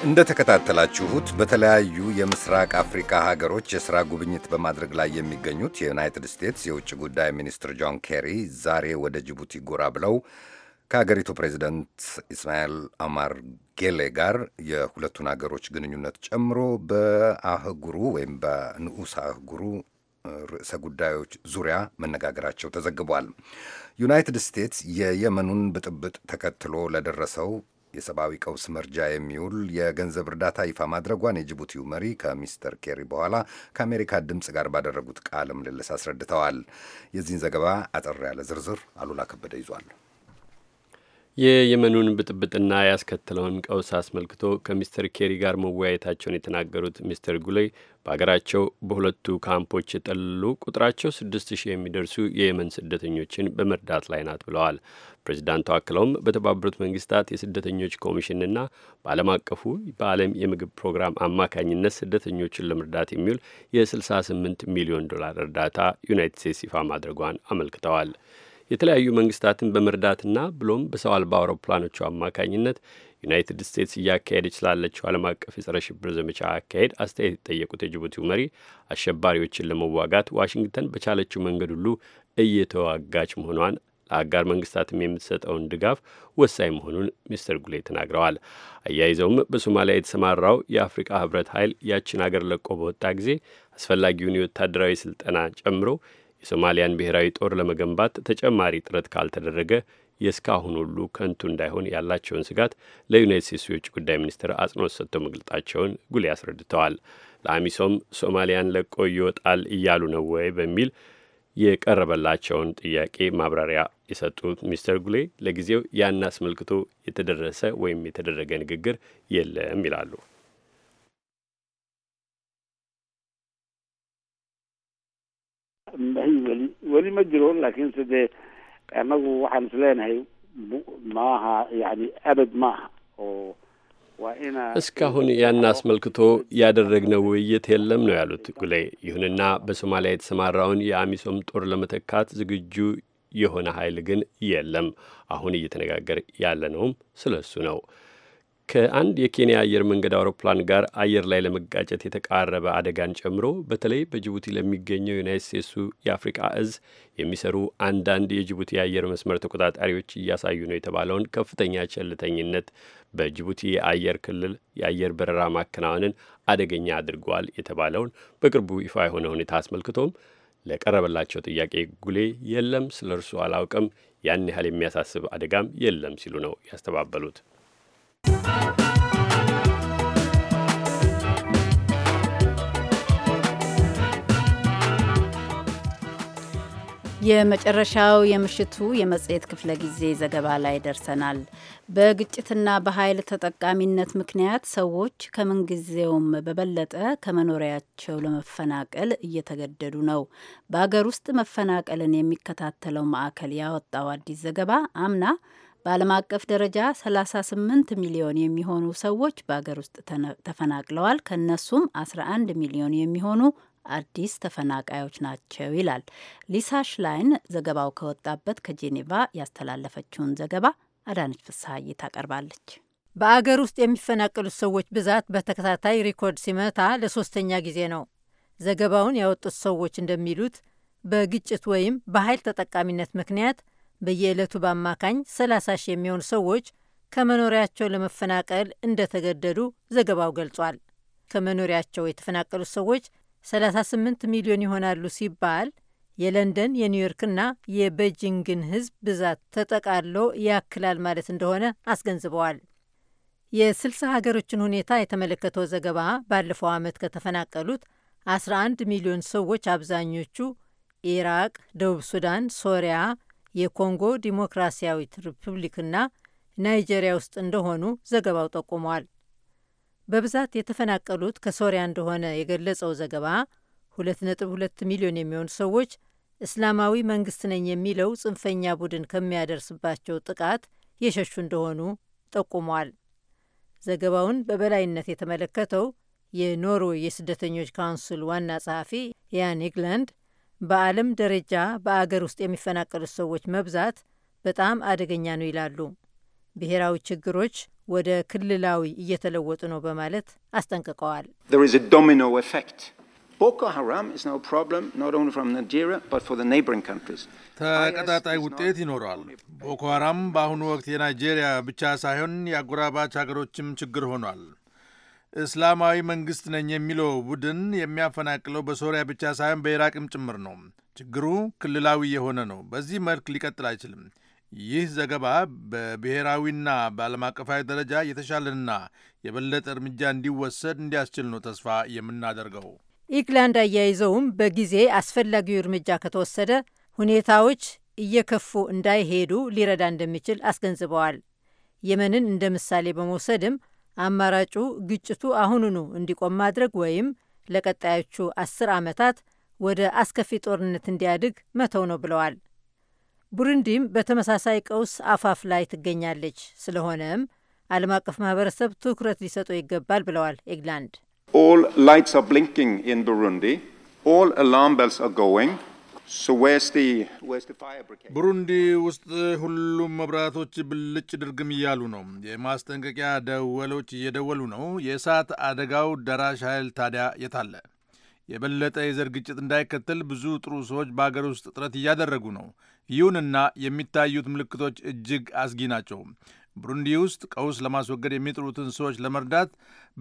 እንደተከታተላችሁት በተለያዩ የምስራቅ አፍሪካ ሀገሮች የሥራ ጉብኝት በማድረግ ላይ የሚገኙት የዩናይትድ ስቴትስ የውጭ ጉዳይ ሚኒስትር ጆን ኬሪ ዛሬ ወደ ጅቡቲ ጎራ ብለው ከሀገሪቱ ፕሬዚደንት ኢስማኤል አማር ጌሌ ጋር የሁለቱን ሀገሮች ግንኙነት ጨምሮ በአህጉሩ ወይም በንዑስ አህጉሩ ርዕሰ ጉዳዮች ዙሪያ መነጋገራቸው ተዘግቧል። ዩናይትድ ስቴትስ የየመኑን ብጥብጥ ተከትሎ ለደረሰው የሰብአዊ ቀውስ መርጃ የሚውል የገንዘብ እርዳታ ይፋ ማድረጓን የጅቡቲው መሪ ከሚስተር ኬሪ በኋላ ከአሜሪካ ድምፅ ጋር ባደረጉት ቃለ ምልልስ አስረድተዋል። የዚህን ዘገባ አጠር ያለ ዝርዝር አሉላ ከበደ ይዟል። የየመኑን ብጥብጥና ያስከተለውን ቀውስ አስመልክቶ ከሚስተር ኬሪ ጋር መወያየታቸውን የተናገሩት ሚስተር ጉሌይ በሀገራቸው በሁለቱ ካምፖች የጠለሉ ቁጥራቸው ስድስት ሺህ የሚደርሱ የየመን ስደተኞችን በመርዳት ላይ ናት ብለዋል። ፕሬዚዳንቱ አክለውም በተባበሩት መንግስታት የስደተኞች ኮሚሽንና በዓለም አቀፉ በዓለም የምግብ ፕሮግራም አማካኝነት ስደተኞችን ለመርዳት የሚውል የ68 ሚሊዮን ዶላር እርዳታ ዩናይትድ ስቴትስ ይፋ ማድረጓን አመልክተዋል። የተለያዩ መንግስታትን በመርዳትና ብሎም በሰው አልባ አውሮፕላኖቹ አማካኝነት ዩናይትድ ስቴትስ እያካሄደች ስላለችው ዓለም አቀፍ የጸረ ሽብር ዘመቻ አካሄድ አስተያየት የጠየቁት የጅቡቲው መሪ አሸባሪዎችን ለመዋጋት ዋሽንግተን በቻለችው መንገድ ሁሉ እየተዋጋች መሆኗን ለአጋር መንግስታትም የምትሰጠውን ድጋፍ ወሳኝ መሆኑን ሚስተር ጉሌ ተናግረዋል። አያይዘውም በሶማሊያ የተሰማራው የአፍሪቃ ህብረት ኃይል ያችን አገር ለቆ በወጣ ጊዜ አስፈላጊውን የወታደራዊ ስልጠና ጨምሮ የሶማሊያን ብሔራዊ ጦር ለመገንባት ተጨማሪ ጥረት ካልተደረገ የእስካሁን ሁሉ ከንቱ እንዳይሆን ያላቸውን ስጋት ለዩናይት ስቴትስ የውጭ ጉዳይ ሚኒስትር አጽንኦት ሰጥተው መግለጣቸውን ጉሌ አስረድተዋል። ለአሚሶም ሶማሊያን ለቆ ይወጣል እያሉ ነው ወይ በሚል የቀረበላቸውን ጥያቄ ማብራሪያ የሰጡት ሚስተር ጉሌ ለጊዜው ያን አስመልክቶ የተደረሰ ወይም የተደረገ ንግግር የለም ይላሉ። may weli weli ma jiro laakiinse dee annagu waxaan is leenahay maaha yani abad maaha oo waa እስካሁን ያን አስመልክቶ ያደረግነው ውይይት የለም ነው ያሉት ጉሌ። ይሁንና በሶማሊያ የተሰማራውን የአሚሶም ጦር ለመተካት ዝግጁ የሆነ ኃይል ግን የለም። አሁን እየተነጋገር ያለ ነውም ስለ እሱ ነው። ከአንድ የኬንያ አየር መንገድ አውሮፕላን ጋር አየር ላይ ለመጋጨት የተቃረበ አደጋን ጨምሮ በተለይ በጅቡቲ ለሚገኘው ዩናይት ስቴትሱ የአፍሪቃ እዝ የሚሰሩ አንዳንድ የጅቡቲ የአየር መስመር ተቆጣጣሪዎች እያሳዩ ነው የተባለውን ከፍተኛ ቸልተኝነት በጅቡቲ የአየር ክልል የአየር በረራ ማከናወንን አደገኛ አድርጓል የተባለውን በቅርቡ ይፋ የሆነ ሁኔታ አስመልክቶም ለቀረበላቸው ጥያቄ ጉሌ የለም፣ ስለ እርሱ አላውቅም፣ ያን ያህል የሚያሳስብ አደጋም የለም ሲሉ ነው ያስተባበሉት። የመጨረሻው የምሽቱ የመጽሔት ክፍለ ጊዜ ዘገባ ላይ ደርሰናል። በግጭትና በኃይል ተጠቃሚነት ምክንያት ሰዎች ከምንጊዜውም በበለጠ ከመኖሪያቸው ለመፈናቀል እየተገደዱ ነው። በሀገር ውስጥ መፈናቀልን የሚከታተለው ማዕከል ያወጣው አዲስ ዘገባ አምና በዓለም አቀፍ ደረጃ 38 ሚሊዮን የሚሆኑ ሰዎች በአገር ውስጥ ተፈናቅለዋል። ከነሱም 11 ሚሊዮን የሚሆኑ አዲስ ተፈናቃዮች ናቸው ይላል። ሊሳ ሽላይን ዘገባው ከወጣበት ከጄኔቫ ያስተላለፈችውን ዘገባ አዳነች ፍስሐዬ ታቀርባለች። በአገር ውስጥ የሚፈናቀሉት ሰዎች ብዛት በተከታታይ ሪኮርድ ሲመታ ለሶስተኛ ጊዜ ነው። ዘገባውን ያወጡት ሰዎች እንደሚሉት በግጭት ወይም በኃይል ተጠቃሚነት ምክንያት በየዕለቱ በአማካኝ 30 ሺህ የሚሆኑ ሰዎች ከመኖሪያቸው ለመፈናቀል እንደተገደዱ ዘገባው ገልጿል። ከመኖሪያቸው የተፈናቀሉት ሰዎች 38 ሚሊዮን ይሆናሉ ሲባል የለንደን የኒውዮርክና የቤጂንግን ሕዝብ ብዛት ተጠቃሎ ያክላል ማለት እንደሆነ አስገንዝበዋል። የስልሳ ሀገሮችን ሁኔታ የተመለከተው ዘገባ ባለፈው ዓመት ከተፈናቀሉት 11 ሚሊዮን ሰዎች አብዛኞቹ ኢራቅ፣ ደቡብ ሱዳን፣ ሶሪያ፣ የኮንጎ ዲሞክራሲያዊት ሪፑብሊክና ናይጄሪያ ውስጥ እንደሆኑ ዘገባው ጠቁሟል። በብዛት የተፈናቀሉት ከሶሪያ እንደሆነ የገለጸው ዘገባ 2.2 ሚሊዮን የሚሆኑ ሰዎች እስላማዊ መንግስት ነኝ የሚለው ጽንፈኛ ቡድን ከሚያደርስባቸው ጥቃት የሸሹ እንደሆኑ ጠቁሟል። ዘገባውን በበላይነት የተመለከተው የኖርዌይ የስደተኞች ካውንስል ዋና ጸሐፊ ያን ኤግላንድ በዓለም ደረጃ በአገር ውስጥ የሚፈናቀሉት ሰዎች መብዛት በጣም አደገኛ ነው ይላሉ። ብሔራዊ ችግሮች ወደ ክልላዊ እየተለወጡ ነው በማለት አስጠንቅቀዋል። ተቀጣጣይ ውጤት ይኖረዋል። ቦኮ ሀራም በአሁኑ ወቅት የናይጄሪያ ብቻ ሳይሆን የአጎራባች ሀገሮችም ችግር ሆኗል። እስላማዊ መንግስት ነኝ የሚለው ቡድን የሚያፈናቅለው በሶሪያ ብቻ ሳይሆን በኢራቅም ጭምር ነው። ችግሩ ክልላዊ የሆነ ነው። በዚህ መልክ ሊቀጥል አይችልም። ይህ ዘገባ በብሔራዊና በዓለም አቀፋዊ ደረጃ የተሻለና የበለጠ እርምጃ እንዲወሰድ እንዲያስችል ነው ተስፋ የምናደርገው። ኢግላንድ አያይዘውም በጊዜ አስፈላጊው እርምጃ ከተወሰደ ሁኔታዎች እየከፉ እንዳይሄዱ ሊረዳ እንደሚችል አስገንዝበዋል። የመንን እንደ ምሳሌ በመውሰድም አማራጩ ግጭቱ አሁኑኑ እንዲቆም ማድረግ ወይም ለቀጣዮቹ አስር ዓመታት ወደ አስከፊ ጦርነት እንዲያድግ መተው ነው ብለዋል። ቡሩንዲም በተመሳሳይ ቀውስ አፋፍ ላይ ትገኛለች። ስለሆነም ዓለም አቀፍ ማህበረሰብ ትኩረት ሊሰጠው ይገባል ብለዋል ኤግላንድ። ኦል ላይትስ አር ብሊንኪንግ ኢን ቡሩንዲ ኦል አላርም ቤልስ አር ጎይንግ ቡሩንዲ ውስጥ ሁሉም መብራቶች ብልጭ ድርግም እያሉ ነው። የማስጠንቀቂያ ደወሎች እየደወሉ ነው። የእሳት አደጋው ደራሽ ኃይል ታዲያ የታለ? የበለጠ የዘር ግጭት እንዳይከተል ብዙ ጥሩ ሰዎች በአገር ውስጥ ጥረት እያደረጉ ነው። ይሁንና የሚታዩት ምልክቶች እጅግ አስጊ ናቸው። ቡሩንዲ ውስጥ ቀውስ ለማስወገድ የሚጥሩትን ሰዎች ለመርዳት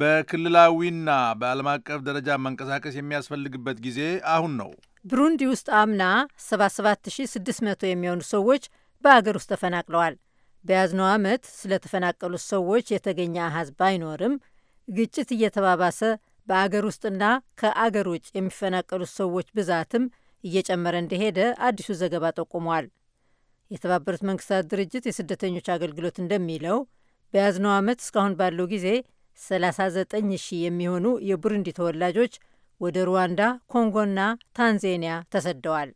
በክልላዊና በዓለም አቀፍ ደረጃ መንቀሳቀስ የሚያስፈልግበት ጊዜ አሁን ነው። ብሩንዲ ውስጥ አምና 77600 የሚሆኑ ሰዎች በአገር ውስጥ ተፈናቅለዋል። በያዝነው ዓመት ስለተፈናቀሉት ሰዎች የተገኘ አሃዝ ባይኖርም ግጭት እየተባባሰ በአገር ውስጥና ከአገር ውጭ የሚፈናቀሉት ሰዎች ብዛትም እየጨመረ እንደሄደ አዲሱ ዘገባ ጠቁሟል። የተባበሩት መንግስታት ድርጅት የስደተኞች አገልግሎት እንደሚለው በያዝነው ዓመት እስካሁን ባለው ጊዜ 39 ሺህ የሚሆኑ የቡሩንዲ ተወላጆች ወደ ሩዋንዳ፣ ኮንጎና ታንዛኒያ ተሰደዋል።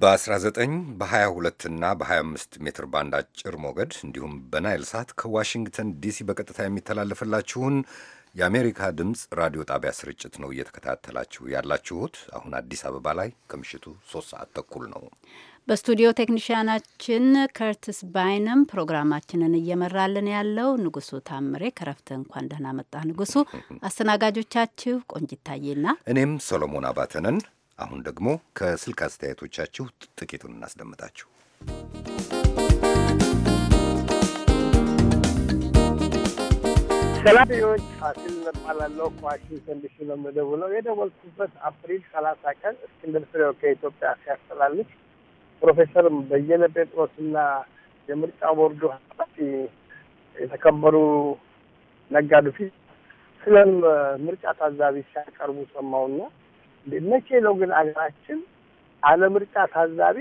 በ19 በ22 እና በ25 ሜትር ባንድ አጭር ሞገድ እንዲሁም በናይል ሳት ከዋሽንግተን ዲሲ በቀጥታ የሚተላለፍላችሁን የአሜሪካ ድምፅ ራዲዮ ጣቢያ ስርጭት ነው እየተከታተላችሁ ያላችሁት። አሁን አዲስ አበባ ላይ ከምሽቱ ሶስት ሰዓት ተኩል ነው። በስቱዲዮ ቴክኒሽያናችን ከርትስ ባይነም ፕሮግራማችንን እየመራልን ያለው ንጉሱ ታምሬ ከረፍት እንኳን ደህና መጣ ንጉሱ። አስተናጋጆቻችሁ ቆንጂታዬና እኔም ሶሎሞን አባተነን። አሁን ደግሞ ከስልክ አስተያየቶቻችሁ ጥቂቱን እናስደምጣችሁ። ሰላዮች ፋሲል እባላለሁ። ከዋሽንግተን ዲሲ ነው የምደውለው። የደወልኩበት አፕሪል ሰላሳ ቀን እስክንድር ፍሬው ከኢትዮጵያ ሲያስተላልፍ ፕሮፌሰር በየነ ጴጥሮስ እና የምርጫ ቦርዱ ኃላፊ የተከበሩ ነጋዱ ፊት ስለም ምርጫ ታዛቢ ሲያቀርቡ ሰማውና መቼ ነው ግን አገራችን አለ ምርጫ ታዛቢ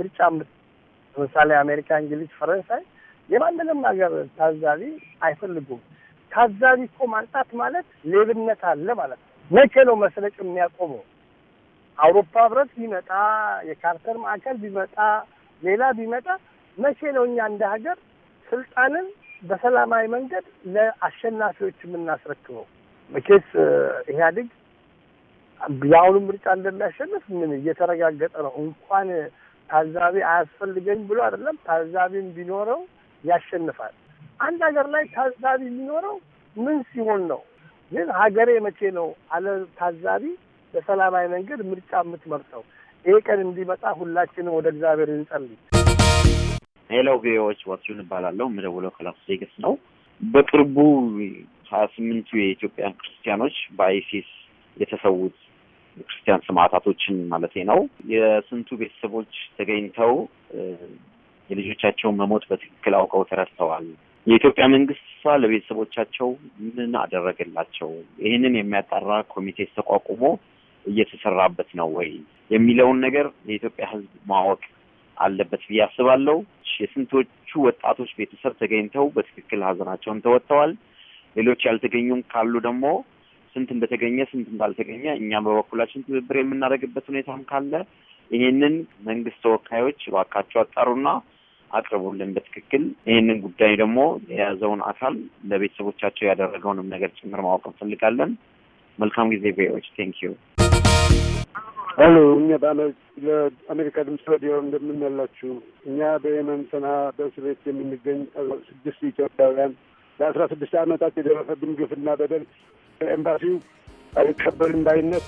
ምርጫ ለምሳሌ አሜሪካ፣ እንግሊዝ፣ ፈረንሳይ የማንንም ሀገር ታዛቢ አይፈልጉም። ታዛቢ እኮ ማንጣት ማለት ሌብነት አለ ማለት ነው። መቼ ነው መስለጭ የሚያቆመው? አውሮፓ ህብረት ቢመጣ የካርተር ማዕከል ቢመጣ ሌላ ቢመጣ መቼ ነው እኛ እንደ ሀገር ስልጣንን በሰላማዊ መንገድ ለአሸናፊዎች የምናስረክበው? መቼስ ኢህአዴግ የአሁኑ ምርጫ እንደሚያሸንፍ ምን እየተረጋገጠ ነው። እንኳን ታዛቢ አያስፈልገኝ ብሎ አይደለም። ታዛቢም ቢኖረው ያሸንፋል። አንድ ሀገር ላይ ታዛቢ የሚኖረው ምን ሲሆን ነው? ግን ሀገሬ መቼ ነው አለ ታዛቢ በሰላማዊ መንገድ ምርጫ የምትመርጠው። ይሄ ቀን እንዲመጣ ሁላችንም ወደ እግዚአብሔር እንጸልይ። ሌላው ቪዎች ዋሲሁን እባላለሁ። የምደውለው ከላስ ቬጋስ ነው። በቅርቡ ሀያ ስምንቱ የኢትዮጵያን ክርስቲያኖች በአይሲስ የተሰዉት የክርስቲያን ሰማዕታቶችን ማለት ነው የስንቱ ቤተሰቦች ተገኝተው የልጆቻቸውን መሞት በትክክል አውቀው ተረድተዋል። የኢትዮጵያ መንግስት ሳ ለቤተሰቦቻቸው ምን አደረገላቸው? ይህንን የሚያጣራ ኮሚቴ ተቋቁሞ እየተሰራበት ነው ወይ የሚለውን ነገር የኢትዮጵያ ሕዝብ ማወቅ አለበት ብዬ አስባለሁ። የስንቶቹ ወጣቶች ቤተሰብ ተገኝተው በትክክል ሀዘናቸውን ተወጥተዋል። ሌሎች ያልተገኙም ካሉ ደግሞ ስንት እንደተገኘ ስንት እንዳልተገኘ እኛም በበኩላችን ትብብር የምናደርግበት ሁኔታም ካለ ይሄንን መንግስት ተወካዮች እባካችሁ አጣሩና አቅርቡልን በትክክል ይህንን ጉዳይ ደግሞ የያዘውን አካል ለቤተሰቦቻቸው ያደረገውንም ነገር ጭምር ማወቅ እንፈልጋለን። መልካም ጊዜ ቪኦኤዎች ቴንኪዩ አሎ እኛ በአመት ለአሜሪካ ድምፅ ሬዲዮ እንደምንላችሁ እኛ በየመን ሰና በእስር ቤት የምንገኝ ስድስት ኢትዮጵያውያን ለአስራ ስድስት ዓመታት የደረሰብን ግፍና በደል ከኤምባሲው አይከበርም ባይነት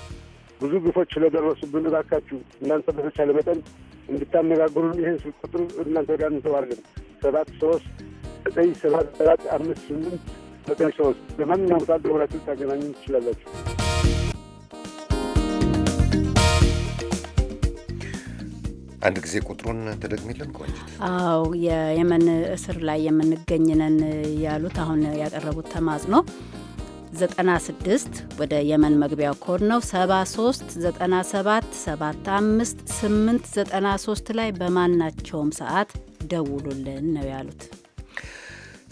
ብዙ ግፎች ስለደረሱብን እባካችሁ እናንተ በተቻለ መጠን እንድታነጋግሩን ይህን ስልክ ቁጥር እናንተ ጋር እንተዋለን። ሰባት ሶስት ዘጠኝ ሰባት ሰባት አምስት ስምንት ዘጠኝ ሶስት በማንኛውም ሰዓት ደውላችሁ ታገናኙ ትችላላችሁ። አንድ ጊዜ ቁጥሩን ተደግሚልን ቆንጅት። አዎ የየመን እስር ላይ የምንገኝነን ያሉት አሁን ያቀረቡት ተማጽኖ 96 ወደ የመን መግቢያ ኮድ ነው 73 97 75 93 ላይ በማናቸውም ሰዓት ደውሉልን ነው ያሉት።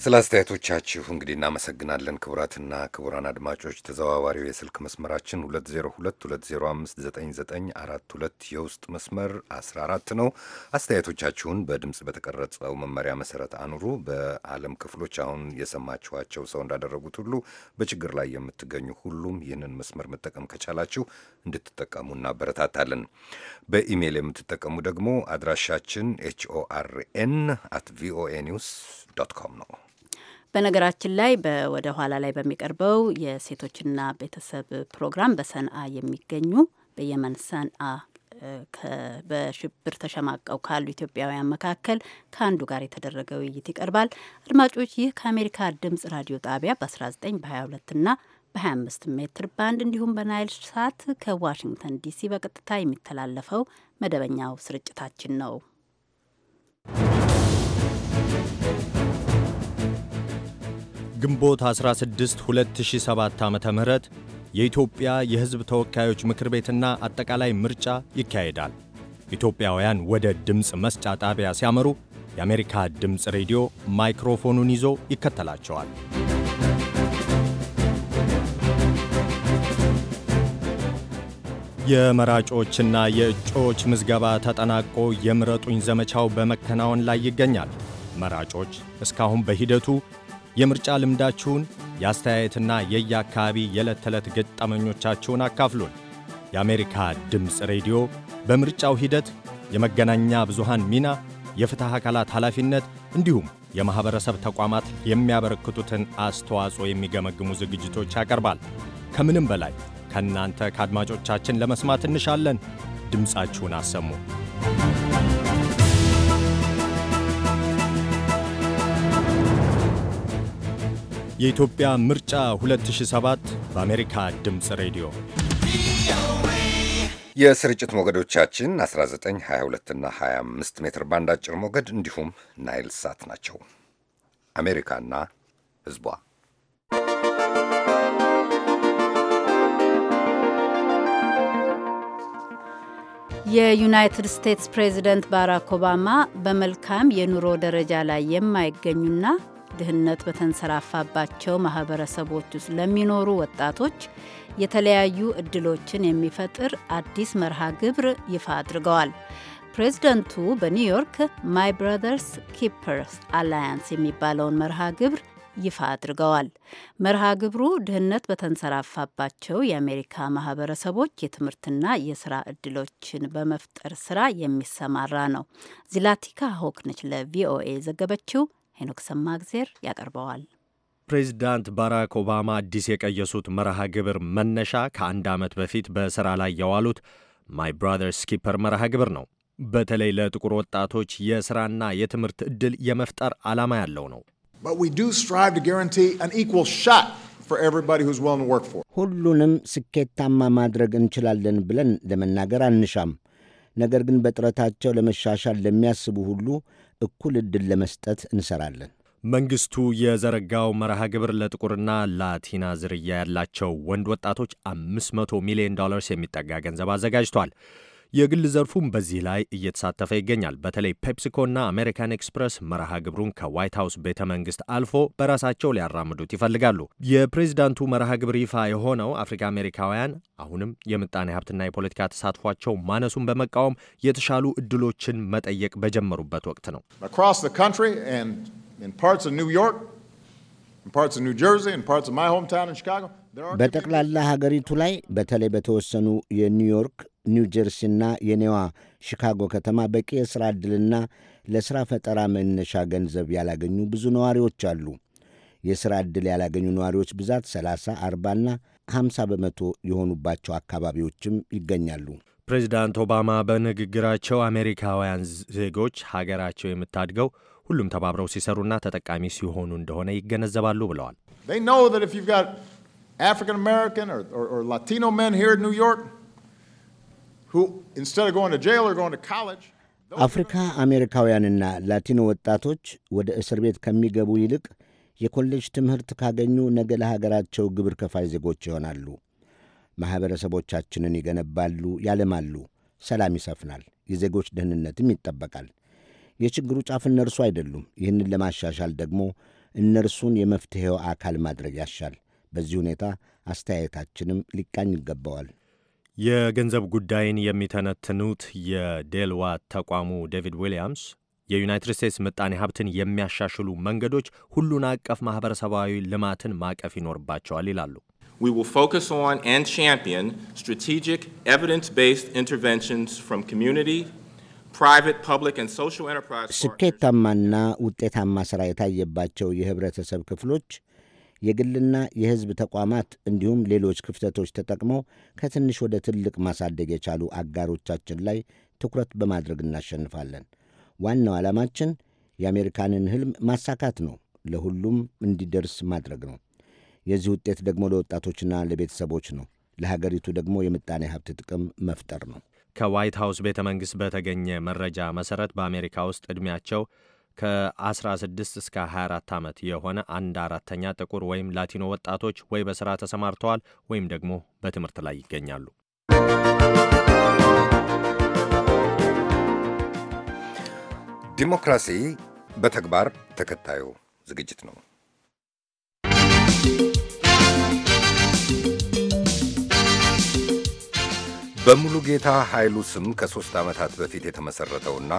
ስለ አስተያየቶቻችሁ እንግዲህ እናመሰግናለን። ክቡራትና ክቡራን አድማጮች ተዘዋዋሪው የስልክ መስመራችን 2022059942 የውስጥ መስመር 14 ነው። አስተያየቶቻችሁን በድምፅ በተቀረጸው መመሪያ መሰረት አኑሩ። በዓለም ክፍሎች አሁን የሰማችኋቸው ሰው እንዳደረጉት ሁሉ በችግር ላይ የምትገኙ ሁሉም ይህንን መስመር መጠቀም ከቻላችሁ እንድትጠቀሙ እናበረታታለን። በኢሜይል የምትጠቀሙ ደግሞ አድራሻችን ኤችኦአርኤን አት ቪኦኤ ኒውስ ዶት ኮም ነው። በነገራችን ላይ ወደ ኋላ ላይ በሚቀርበው የሴቶችና ቤተሰብ ፕሮግራም በሰንአ የሚገኙ በየመን ሰንአ በሽብር ተሸማቀው ካሉ ኢትዮጵያውያን መካከል ከአንዱ ጋር የተደረገ ውይይት ይቀርባል። አድማጮች፣ ይህ ከአሜሪካ ድምጽ ራዲዮ ጣቢያ በ19 በ22 እና በ25 ሜትር ባንድ እንዲሁም በናይል ሳት ከዋሽንግተን ዲሲ በቀጥታ የሚተላለፈው መደበኛው ስርጭታችን ነው። ግንቦት 16 2007 ዓ.ም የኢትዮጵያ የሕዝብ ተወካዮች ምክር ቤትና አጠቃላይ ምርጫ ይካሄዳል። ኢትዮጵያውያን ወደ ድምፅ መስጫ ጣቢያ ሲያመሩ የአሜሪካ ድምፅ ሬዲዮ ማይክሮፎኑን ይዞ ይከተላቸዋል። የመራጮችና የእጩዎች ምዝገባ ተጠናቆ የምረጡኝ ዘመቻው በመከናወን ላይ ይገኛል። መራጮች እስካሁን በሂደቱ የምርጫ ልምዳችሁን፣ የአስተያየትና የየአካባቢ የዕለት ተዕለት ገጠመኞቻችሁን አካፍሉን። የአሜሪካ ድምፅ ሬዲዮ በምርጫው ሂደት የመገናኛ ብዙሃን ሚና፣ የፍትሕ አካላት ኃላፊነት እንዲሁም የማኅበረሰብ ተቋማት የሚያበረክቱትን አስተዋጽኦ የሚገመግሙ ዝግጅቶች ያቀርባል። ከምንም በላይ ከእናንተ ከአድማጮቻችን ለመስማት እንሻለን። ድምፃችሁን አሰሙ። የኢትዮጵያ ምርጫ 2007 በአሜሪካ ድምፅ ሬዲዮ የስርጭት ሞገዶቻችን 19፣ 22 እና 25 ሜትር ባንድ አጭር ሞገድ እንዲሁም ናይል ሳት ናቸው። አሜሪካና ሕዝቧ የዩናይትድ ስቴትስ ፕሬዚደንት ባራክ ኦባማ በመልካም የኑሮ ደረጃ ላይ የማይገኙና ድህነት በተንሰራፋባቸው ማህበረሰቦች ውስጥ ለሚኖሩ ወጣቶች የተለያዩ እድሎችን የሚፈጥር አዲስ መርሃ ግብር ይፋ አድርገዋል። ፕሬዚደንቱ በኒውዮርክ ማይ ብራዘርስ ኪፐርስ አላያንስ የሚባለውን መርሃ ግብር ይፋ አድርገዋል። መርሃ ግብሩ ድህነት በተንሰራፋባቸው የአሜሪካ ማህበረሰቦች የትምህርትና የስራ እድሎችን በመፍጠር ስራ የሚሰማራ ነው። ዚላቲካ ሆክ ነች ለቪኦኤ ዘገበችው። ሄኖክ እግዜር ያቀርበዋል። ፕሬዚዳንት ባራክ ኦባማ አዲስ የቀየሱት መርሃ ግብር መነሻ ከአንድ ዓመት በፊት በሥራ ላይ የዋሉት ማይ ብራዘር ስኪፐር መርሃ ግብር ነው። በተለይ ለጥቁር ወጣቶች የሥራና የትምህርት ዕድል የመፍጠር ዓላማ ያለው ነው። ሁሉንም ስኬታማ ማድረግ እንችላለን ብለን ለመናገር አንሻም። ነገር ግን በጥረታቸው ለመሻሻል ለሚያስቡ ሁሉ እኩል ዕድል ለመስጠት እንሰራለን። መንግስቱ የዘረጋው መርሃ ግብር ለጥቁርና ላቲና ዝርያ ያላቸው ወንድ ወጣቶች 500 ሚሊዮን ዶላርስ የሚጠጋ ገንዘብ አዘጋጅቷል። የግል ዘርፉም በዚህ ላይ እየተሳተፈ ይገኛል። በተለይ ፔፕሲኮና አሜሪካን ኤክስፕረስ መርሃ ግብሩን ከዋይት ሀውስ ቤተ መንግስት አልፎ በራሳቸው ሊያራምዱት ይፈልጋሉ። የፕሬዚዳንቱ መርሃ ግብር ይፋ የሆነው አፍሪካ አሜሪካውያን አሁንም የምጣኔ ሀብትና የፖለቲካ ተሳትፏቸው ማነሱን በመቃወም የተሻሉ እድሎችን መጠየቅ በጀመሩበት ወቅት ነው። በጠቅላላ ሀገሪቱ ላይ በተለይ በተወሰኑ የኒውዮርክ፣ ኒው ጀርሲና የኔዋ ሺካጎ ከተማ በቂ የሥራ ዕድልና ለሥራ ፈጠራ መነሻ ገንዘብ ያላገኙ ብዙ ነዋሪዎች አሉ። የሥራ ዕድል ያላገኙ ነዋሪዎች ብዛት 30፣ 40ና 50 በመቶ የሆኑባቸው አካባቢዎችም ይገኛሉ። ፕሬዚዳንት ኦባማ በንግግራቸው አሜሪካውያን ዜጎች ሀገራቸው የምታድገው ሁሉም ተባብረው ሲሰሩና ተጠቃሚ ሲሆኑ እንደሆነ ይገነዘባሉ ብለዋል። አፍሪካ አሜሪካውያንና ላቲኖ ወጣቶች ወደ እስር ቤት ከሚገቡ ይልቅ የኮሌጅ ትምህርት ካገኙ ነገ ለሀገራቸው ግብር ከፋይ ዜጎች ይሆናሉ። ማኅበረሰቦቻችንን ይገነባሉ፣ ያለማሉ፣ ሰላም ይሰፍናል፣ የዜጎች ደህንነትም ይጠበቃል። የችግሩ ጫፍ እነርሱ አይደሉም። ይህንን ለማሻሻል ደግሞ እነርሱን የመፍትሔው አካል ማድረግ ያሻል። በዚህ ሁኔታ አስተያየታችንም ሊቃኝ ይገባዋል። የገንዘብ ጉዳይን የሚተነትኑት የዴልዋት ተቋሙ ዴቪድ ዊሊያምስ የዩናይትድ ስቴትስ ምጣኔ ሀብትን የሚያሻሽሉ መንገዶች ሁሉን አቀፍ ማህበረሰባዊ ልማትን ማቀፍ ይኖርባቸዋል ይላሉ። We will focus on and champion strategic evidence-based interventions from community, private, public and social enterprise ስኬታማና ውጤታማ ስራ የታየባቸው የህብረተሰብ ክፍሎች የግልና የሕዝብ ተቋማት እንዲሁም ሌሎች ክፍተቶች ተጠቅመው ከትንሽ ወደ ትልቅ ማሳደግ የቻሉ አጋሮቻችን ላይ ትኩረት በማድረግ እናሸንፋለን። ዋናው ዓላማችን የአሜሪካንን ሕልም ማሳካት ነው፣ ለሁሉም እንዲደርስ ማድረግ ነው። የዚህ ውጤት ደግሞ ለወጣቶችና ለቤተሰቦች ነው፣ ለሀገሪቱ ደግሞ የምጣኔ ሀብት ጥቅም መፍጠር ነው። ከዋይት ሀውስ ቤተ መንግሥት በተገኘ መረጃ መሠረት በአሜሪካ ውስጥ ዕድሜያቸው ከ16 እስከ 24 ዓመት የሆነ አንድ አራተኛ ጥቁር ወይም ላቲኖ ወጣቶች ወይ በሥራ ተሰማርተዋል ወይም ደግሞ በትምህርት ላይ ይገኛሉ። ዲሞክራሲ በተግባር ተከታዩ ዝግጅት ነው። በሙሉ ጌታ ኃይሉ ስም ከሦስት ዓመታት በፊት የተመሠረተውና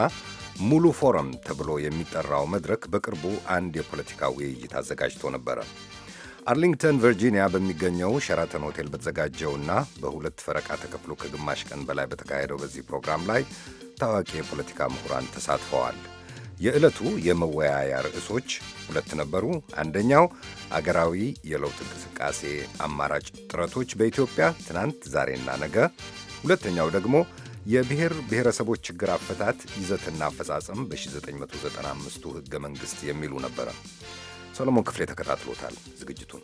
ሙሉ ፎረም ተብሎ የሚጠራው መድረክ በቅርቡ አንድ የፖለቲካ ውይይት አዘጋጅቶ ነበረ። አርሊንግተን ቨርጂኒያ በሚገኘው ሸራተን ሆቴል በተዘጋጀውና በሁለት ፈረቃ ተከፍሎ ከግማሽ ቀን በላይ በተካሄደው በዚህ ፕሮግራም ላይ ታዋቂ የፖለቲካ ምሁራን ተሳትፈዋል። የዕለቱ የመወያያ ርዕሶች ሁለት ነበሩ። አንደኛው አገራዊ የለውጥ እንቅስቃሴ አማራጭ ጥረቶች በኢትዮጵያ ትናንት፣ ዛሬና ነገ፣ ሁለተኛው ደግሞ የብሔር ብሔረሰቦች ችግር አፈታት ይዘትና አፈጻጸም በ1995ቱ ሕገ መንግሥት የሚሉ ነበረ። ሰሎሞን ክፍሌ ተከታትሎታል ዝግጅቱን።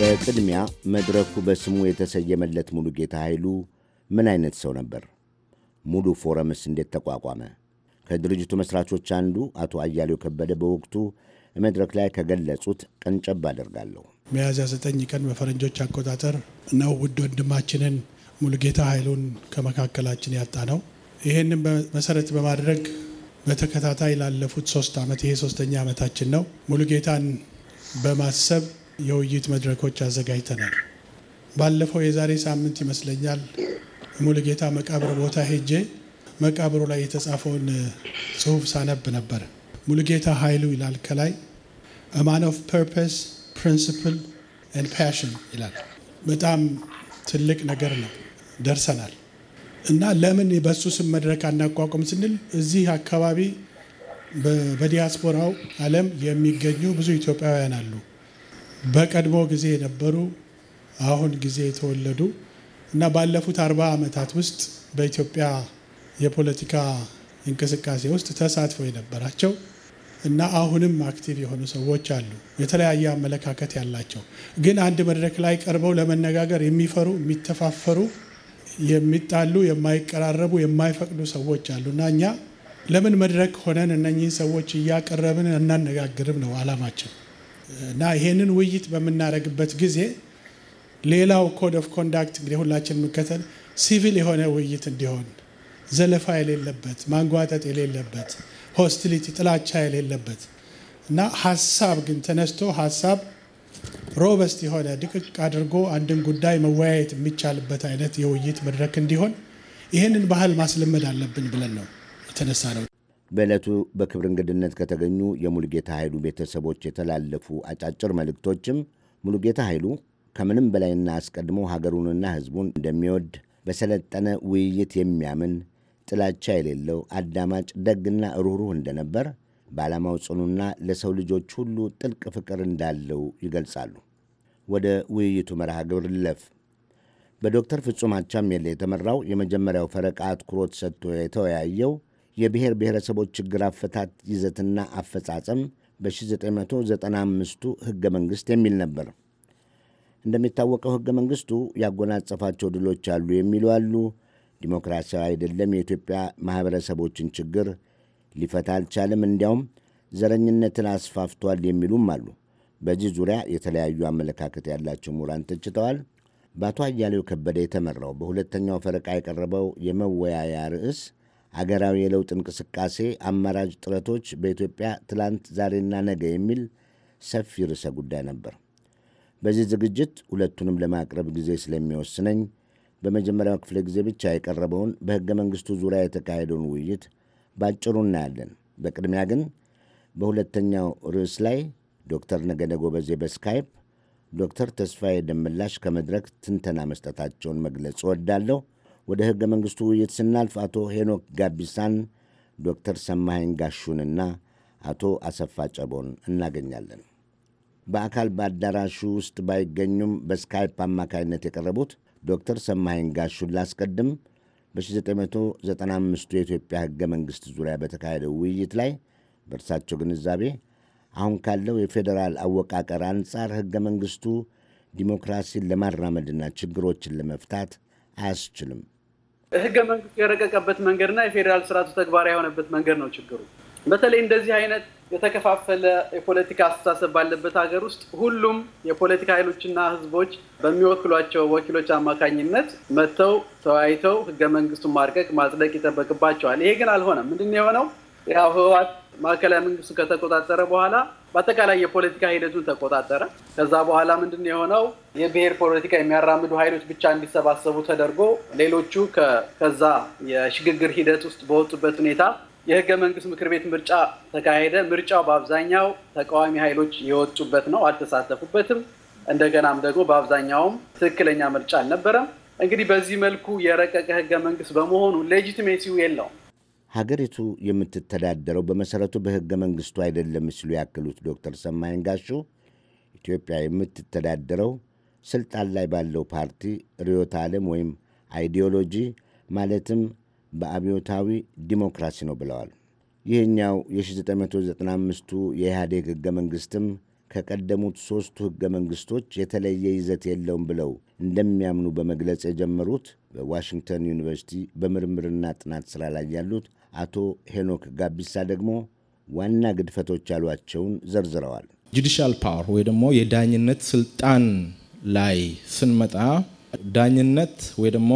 በቅድሚያ መድረኩ በስሙ የተሰየመለት ሙሉ ጌታ ኃይሉ ምን አይነት ሰው ነበር? ሙሉ ፎረምስ እንዴት ተቋቋመ? ከድርጅቱ መስራቾች አንዱ አቶ አያሌው ከበደ በወቅቱ መድረክ ላይ ከገለጹት ቀንጨብ አደርጋለሁ። ሚያዝያ ዘጠኝ ቀን በፈረንጆች አቆጣጠር ነው ውድ ወንድማችንን ሙሉጌታ ኃይሉን ከመካከላችን ያጣ ነው። ይህንን መሰረት በማድረግ በተከታታይ ላለፉት ሶስት ዓመት ይሄ ሶስተኛ ዓመታችን ነው። ሙሉጌታን በማሰብ የውይይት መድረኮች አዘጋጅተናል። ባለፈው የዛሬ ሳምንት ይመስለኛል ሙሉጌታ መቃብር ቦታ ሄጄ መቃብሩ ላይ የተጻፈውን ጽሁፍ ሳነብ ነበር። ሙሉጌታ ኃይሉ ይላል ከላይ ማን ኦፍ ፐርፐስ ፕሪንስፕል ኤንድ ፓሽን ይላል። በጣም ትልቅ ነገር ነው። ደርሰናል እና ለምን በሱ ስም መድረክ አናቋቁም ስንል እዚህ አካባቢ በዲያስፖራው ዓለም የሚገኙ ብዙ ኢትዮጵያውያን አሉ። በቀድሞ ጊዜ የነበሩ አሁን ጊዜ የተወለዱ እና ባለፉት አርባ ዓመታት ውስጥ በኢትዮጵያ የፖለቲካ እንቅስቃሴ ውስጥ ተሳትፎ የነበራቸው እና አሁንም አክቲቭ የሆኑ ሰዎች አሉ። የተለያየ አመለካከት ያላቸው ግን አንድ መድረክ ላይ ቀርበው ለመነጋገር የሚፈሩ የሚተፋፈሩ የሚጣሉ የማይቀራረቡ የማይፈቅዱ ሰዎች አሉ እና እኛ ለምን መድረክ ሆነን እነኚህን ሰዎች እያቀረብን እናነጋግርም ነው አላማችን እና ይሄንን ውይይት በምናደርግበት ጊዜ ሌላው ኮድ ኦፍ ኮንዳክት እንግዲህ ሁላችን የምከተል ሲቪል የሆነ ውይይት እንዲሆን ዘለፋ የሌለበት፣ ማንጓጠጥ የሌለበት፣ ሆስቲሊቲ ጥላቻ የሌለበት እና ሀሳብ ግን ተነስቶ ሀሳብ ሮበስት የሆነ ድቅቅ አድርጎ አንድን ጉዳይ መወያየት የሚቻልበት አይነት የውይይት መድረክ እንዲሆን ይህንን ባህል ማስለመድ አለብን ብለን ነው የተነሳ ነው። በዕለቱ በክብር እንግድነት ከተገኙ የሙሉጌታ ኃይሉ ቤተሰቦች የተላለፉ አጫጭር መልእክቶችም ሙሉጌታ ኃይሉ ከምንም በላይና አስቀድሞ ሀገሩንና ሕዝቡን እንደሚወድ በሰለጠነ ውይይት የሚያምን ጥላቻ የሌለው አዳማጭ፣ ደግና ሩህሩህ እንደነበር በዓላማው ጽኑና ለሰው ልጆች ሁሉ ጥልቅ ፍቅር እንዳለው ይገልጻሉ። ወደ ውይይቱ መርሃ ግብር ልለፍ። በዶክተር ፍጹም አቻምየለ የተመራው የመጀመሪያው ፈረቃ አትኩሮት ሰጥቶ የተወያየው የብሔር ብሔረሰቦች ችግር አፈታት ይዘትና አፈጻጸም በ1995ቱ ሕገ መንግሥት የሚል ነበር። እንደሚታወቀው ሕገ መንግሥቱ ያጎናጸፋቸው ድሎች አሉ የሚሉ አሉ። ዲሞክራሲያዊ አይደለም የኢትዮጵያ ማኅበረሰቦችን ችግር ሊፈታ አልቻለም፣ እንዲያውም ዘረኝነትን አስፋፍቷል የሚሉም አሉ። በዚህ ዙሪያ የተለያዩ አመለካከት ያላቸው ምሁራን ተችተዋል። በአቶ አያሌው ከበደ የተመራው በሁለተኛው ፈረቃ የቀረበው የመወያያ ርዕስ አገራዊ የለውጥ እንቅስቃሴ አማራጭ ጥረቶች በኢትዮጵያ ትላንት፣ ዛሬና ነገ የሚል ሰፊ ርዕሰ ጉዳይ ነበር። በዚህ ዝግጅት ሁለቱንም ለማቅረብ ጊዜ ስለሚወስነኝ በመጀመሪያው ክፍለ ጊዜ ብቻ የቀረበውን በሕገ መንግሥቱ ዙሪያ የተካሄደውን ውይይት ባጭሩ እናያለን። በቅድሚያ ግን በሁለተኛው ርዕስ ላይ ዶክተር ነገደ ጎበዜ በስካይፕ ዶክተር ተስፋዬ ደመላሽ ከመድረክ ትንተና መስጠታቸውን መግለጽ እወዳለሁ። ወደ ሕገ መንግሥቱ ውይይት ስናልፍ አቶ ሄኖክ ጋቢሳን፣ ዶክተር ሰማኸኝ ጋሹንና አቶ አሰፋ ጨቦን እናገኛለን። በአካል በአዳራሹ ውስጥ ባይገኙም በስካይፕ አማካይነት የቀረቡት ዶክተር ሰማኸኝ ጋሹን ላስቀድም። በ1995ቱ የኢትዮጵያ ሕገ መንግሥት ዙሪያ በተካሄደው ውይይት ላይ በእርሳቸው ግንዛቤ አሁን ካለው የፌዴራል አወቃቀር አንጻር ሕገ መንግሥቱ ዲሞክራሲን ለማራመድና ችግሮችን ለመፍታት አያስችልም። ሕገ መንግሥቱ የረቀቀበት መንገድና የፌዴራል ስርዓቱ ተግባራዊ የሆነበት መንገድ ነው ችግሩ። በተለይ እንደዚህ አይነት የተከፋፈለ የፖለቲካ አስተሳሰብ ባለበት ሀገር ውስጥ ሁሉም የፖለቲካ ኃይሎችና ህዝቦች በሚወክሏቸው ወኪሎች አማካኝነት መጥተው ተወያይተው ህገ መንግስቱን ማርቀቅ ማጽደቅ ይጠበቅባቸዋል። ይሄ ግን አልሆነም። ምንድን የሆነው ያው ህወሓት ማዕከላዊ መንግስቱ ከተቆጣጠረ በኋላ በአጠቃላይ የፖለቲካ ሂደቱን ተቆጣጠረ። ከዛ በኋላ ምንድን የሆነው የብሔር ፖለቲካ የሚያራምዱ ኃይሎች ብቻ እንዲሰባሰቡ ተደርጎ ሌሎቹ ከዛ የሽግግር ሂደት ውስጥ በወጡበት ሁኔታ የህገ መንግስት ምክር ቤት ምርጫ ተካሄደ። ምርጫው በአብዛኛው ተቃዋሚ ኃይሎች የወጡበት ነው፣ አልተሳተፉበትም። እንደገናም ደግሞ በአብዛኛውም ትክክለኛ ምርጫ አልነበረም። እንግዲህ በዚህ መልኩ የረቀቀ ህገ መንግስት በመሆኑ ሌጂቲሜሲው የለውም። ሀገሪቱ የምትተዳደረው በመሰረቱ በህገ መንግስቱ አይደለም ሲሉ ያክሉት ዶክተር ሰማይን ጋሹ ኢትዮጵያ የምትተዳደረው ስልጣን ላይ ባለው ፓርቲ ርዕዮተ ዓለም ወይም አይዲዮሎጂ ማለትም በአብዮታዊ ዲሞክራሲ ነው ብለዋል። ይህኛው የ1995ቱ የኢህአዴግ ሕገ መንግሥትም ከቀደሙት ሦስቱ ሕገ መንግሥቶች የተለየ ይዘት የለውም ብለው እንደሚያምኑ በመግለጽ የጀመሩት በዋሽንግተን ዩኒቨርሲቲ በምርምርና ጥናት ሥራ ላይ ያሉት አቶ ሄኖክ ጋቢሳ ደግሞ ዋና ግድፈቶች ያሏቸውን ዘርዝረዋል። ጁዲሻል ፓወር ወይ ደግሞ የዳኝነት ስልጣን ላይ ስንመጣ ዳኝነት ወይ ደግሞ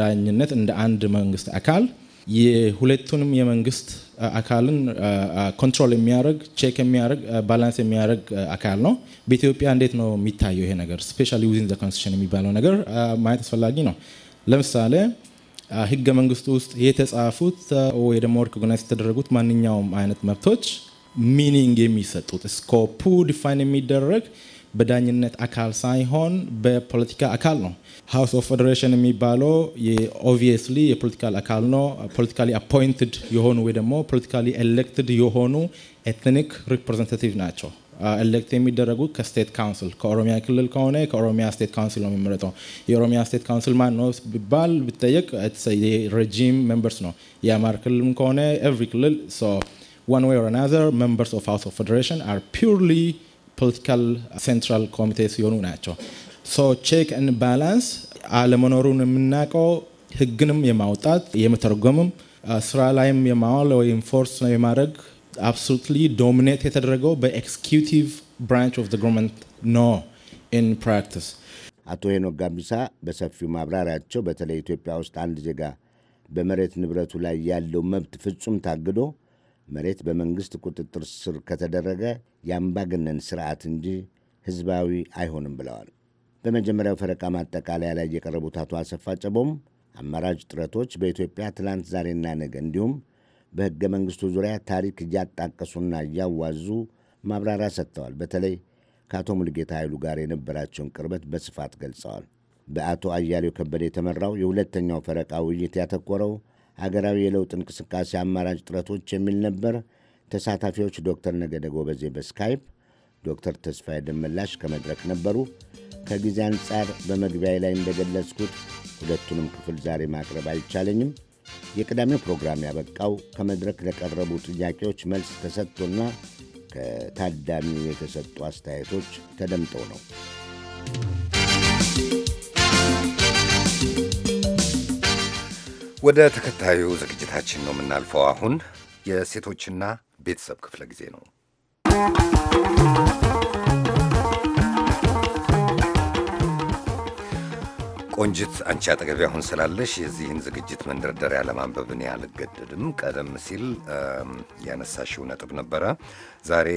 ዳኝነት እንደ አንድ መንግስት አካል የሁለቱንም የመንግስት አካልን ኮንትሮል የሚያደርግ ቼክ የሚያደርግ ባላንስ የሚያደርግ አካል ነው። በኢትዮጵያ እንዴት ነው የሚታየው ይሄ ነገር ስፔሻ ዊዝን ዘ የሚባለው ነገር ማየት አስፈላጊ ነው። ለምሳሌ ህገ መንግስቱ ውስጥ የተጻፉት ወይ ደግሞ ሪኮግናይዝ የተደረጉት ማንኛውም አይነት መብቶች ሚኒንግ የሚሰጡት ስኮፑ ዲፋይን የሚደረግ በዳኝነት አካል ሳይሆን በፖለቲካ አካል ነው። ሃውስ ኦፍ ፌዴሬሽን የሚባለው ኦብቪየስሊ የፖለቲካል አካል ነው። ፖለቲካሊ አፖይንትድ የሆኑ ወይ ደግሞ ፖለቲካሊ ኤሌክትድ የሆኑ ኤትኒክ ሪፕሬዘንታቲቭ ናቸው። ኤሌክት የሚደረጉ ከስቴት ካውንስል ከኦሮሚያ ክልል ከሆነ ከኦሮሚያ ስቴት ካውንስል ነው የሚመረጠው። የኦሮሚያ ስቴት ካውንስል ማን ነው ቢባል ብጠየቅ ሬጂም ሜምበርስ ነው። የአማር ክልልም ከሆነ ኤቭሪ ክልል ዋን ዌይ ኦር አናዘር ሜምበርስ ኦፍ ሃውስ ኦፍ ፌዴሬሽን አር ፒውርሊ ፖለቲካል ሴንትራል ኮሚቴ ሲሆኑ ናቸው። ቼክ እን ባላንስ አለመኖሩን የምናውቀው ህግንም የማውጣት የመተርጎምም ስራ ላይም የማዋል ወይ ኢንፎርስ ነው የማድረግ አብሶሉትሊ ዶሚኔት የተደረገው በኤክስኪዩቲቭ ብራንች ኦፍ ገቨርንመንት ኖ ኢን ፕራክቲስ። አቶ ሄኖክ ጋቢሳ በሰፊው ማብራሪያቸው በተለይ ኢትዮጵያ ውስጥ አንድ ዜጋ በመሬት ንብረቱ ላይ ያለው መብት ፍጹም ታግዶ መሬት በመንግስት ቁጥጥር ስር ከተደረገ የአምባገነን ስርዓት እንጂ ህዝባዊ አይሆንም ብለዋል። በመጀመሪያው ፈረቃ ማጠቃለያ ላይ የቀረቡት አቶ አሰፋ ጨቦም አማራጭ ጥረቶች በኢትዮጵያ ትላንት፣ ዛሬና ነገ እንዲሁም በሕገ መንግሥቱ ዙሪያ ታሪክ እያጣቀሱና እያዋዙ ማብራሪያ ሰጥተዋል። በተለይ ከአቶ ሙልጌታ ኃይሉ ጋር የነበራቸውን ቅርበት በስፋት ገልጸዋል። በአቶ አያሌው ከበደ የተመራው የሁለተኛው ፈረቃ ውይይት ያተኮረው ሀገራዊ የለውጥ እንቅስቃሴ አማራጭ ጥረቶች የሚል ነበር። ተሳታፊዎች ዶክተር ነገደ ጎበዜ በስካይፕ ዶክተር ተስፋዬ ደመላሽ ከመድረክ ነበሩ። ከጊዜ አንጻር በመግቢያ ላይ እንደገለጽኩት ሁለቱንም ክፍል ዛሬ ማቅረብ አይቻለኝም። የቅዳሜው ፕሮግራም ያበቃው ከመድረክ ለቀረቡ ጥያቄዎች መልስ ተሰጥቶና ከታዳሚው የተሰጡ አስተያየቶች ተደምጠው ነው። ወደ ተከታዩ ዝግጅታችን ነው የምናልፈው። አሁን የሴቶችና ቤተሰብ ክፍለ ጊዜ ነው። ቆንጅት አንቺ አጠገቢ አሁን ስላለሽ የዚህን ዝግጅት መንደርደሪያ ለማንበብ እኔ አልገደድም። ቀደም ሲል ያነሳሽው ነጥብ ነበረ። ዛሬ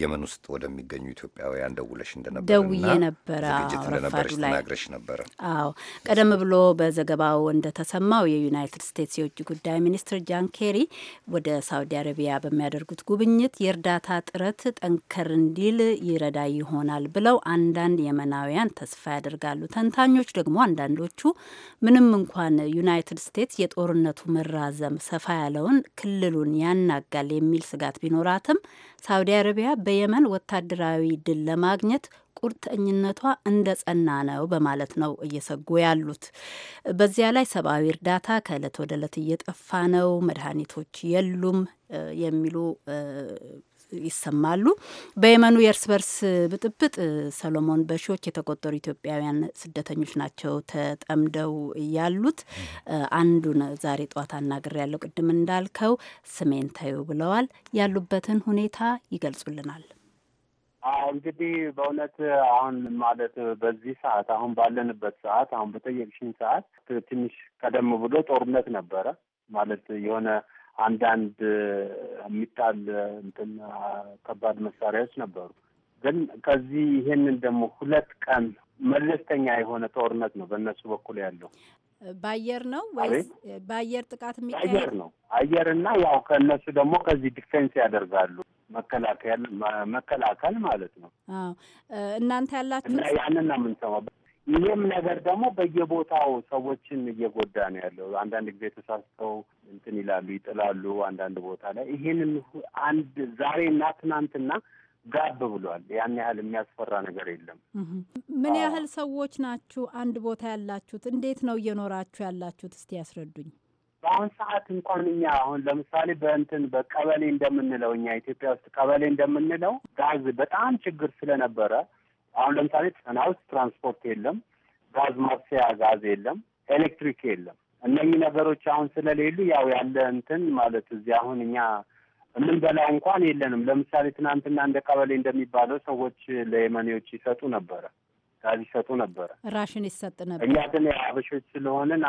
የመን ውስጥ ወደሚገኙ ኢትዮጵያውያን ደውለሽ እንደነበረ ደውዬ ነበረ ዝግጅት ተናግረሽ ነበረ። አዎ ቀደም ብሎ በዘገባው እንደተሰማው የዩናይትድ ስቴትስ የውጭ ጉዳይ ሚኒስትር ጃን ኬሪ ወደ ሳውዲ አረቢያ በሚያደርጉት ጉብኝት የእርዳታ ጥረት ጠንከር እንዲል ይረዳ ይሆናል ብለው አንዳንድ የመናውያን ተስፋ ያደርጋሉ። ተንታኞች ደግሞ አንዳንዶቹ ምንም እንኳን ዩናይትድ ስቴትስ የጦርነቱ መራዘም ሰፋ ያለውን ክልሉን ያናጋል የሚል ስጋት ቢኖራትም ሳውዲ አረቢያ በየመን ወታደራዊ ድል ለማግኘት ቁርጠኝነቷ እንደ ጸና ነው በማለት ነው እየሰጉ ያሉት። በዚያ ላይ ሰብአዊ እርዳታ ከእለት ወደ እለት እየጠፋ ነው፣ መድኃኒቶች የሉም የሚሉ ይሰማሉ። በየመኑ የእርስ በርስ ብጥብጥ ሰሎሞን በሺዎች የተቆጠሩ ኢትዮጵያውያን ስደተኞች ናቸው ተጠምደው ያሉት። አንዱን ዛሬ ጠዋት አናግሬ ያለው ቅድም እንዳልከው ስሜን ታዩ ብለዋል። ያሉበትን ሁኔታ ይገልጹልናል። እንግዲህ በእውነት አሁን ማለት በዚህ ሰዓት አሁን ባለንበት ሰዓት አሁን በጠየቅሽኝ ሰዓት ትንሽ ቀደም ብሎ ጦርነት ነበረ ማለት የሆነ አንዳንድ የሚጣል እንትን ከባድ መሳሪያዎች ነበሩ። ግን ከዚህ ይሄንን ደግሞ ሁለት ቀን መለስተኛ የሆነ ጦርነት ነው በእነሱ በኩል ያለው። በአየር ነው ወይስ በአየር ጥቃት የሚካሄድ? አየር ነው። አየርና ያው ከእነሱ ደግሞ ከዚህ ዲፌንስ ያደርጋሉ መከላከል መከላከል ማለት ነው። እናንተ ያላችሁ ያንን ነው የምንሰማው ይህም ነገር ደግሞ በየቦታው ሰዎችን እየጎዳ ነው ያለው። አንዳንድ ጊዜ ተሳስተው እንትን ይላሉ፣ ይጥላሉ አንዳንድ ቦታ ላይ። ይሄንን አንድ እና ትናንትና ጋብ ብሏል። ያን ያህል የሚያስፈራ ነገር የለም። ምን ያህል ሰዎች ናችሁ አንድ ቦታ ያላችሁት? እንዴት ነው እየኖራችሁ ያላችሁት? እስቲ ያስረዱኝ። በአሁን ሰዓት እንኳን እኛ አሁን ለምሳሌ በእንትን በቀበሌ እንደምንለው እኛ ኢትዮጵያ ውስጥ ቀበሌ እንደምንለው ጋዝ በጣም ችግር ስለነበረ አሁን ለምሳሌ ጠና ውስጥ ትራንስፖርት የለም፣ ጋዝ ማብሰያ ጋዝ የለም፣ ኤሌክትሪክ የለም። እነኚህ ነገሮች አሁን ስለሌሉ ያው ያለ እንትን ማለት እዚህ አሁን እኛ የምንበላው እንኳን የለንም። ለምሳሌ ትናንትና እንደ ቀበሌ እንደሚባለው ሰዎች ለየመኔዎች ይሰጡ ነበረ፣ ጋዝ ይሰጡ ነበረ፣ ራሽን ይሰጥ ነበር። እኛ ግን የአበሾች ስለሆንን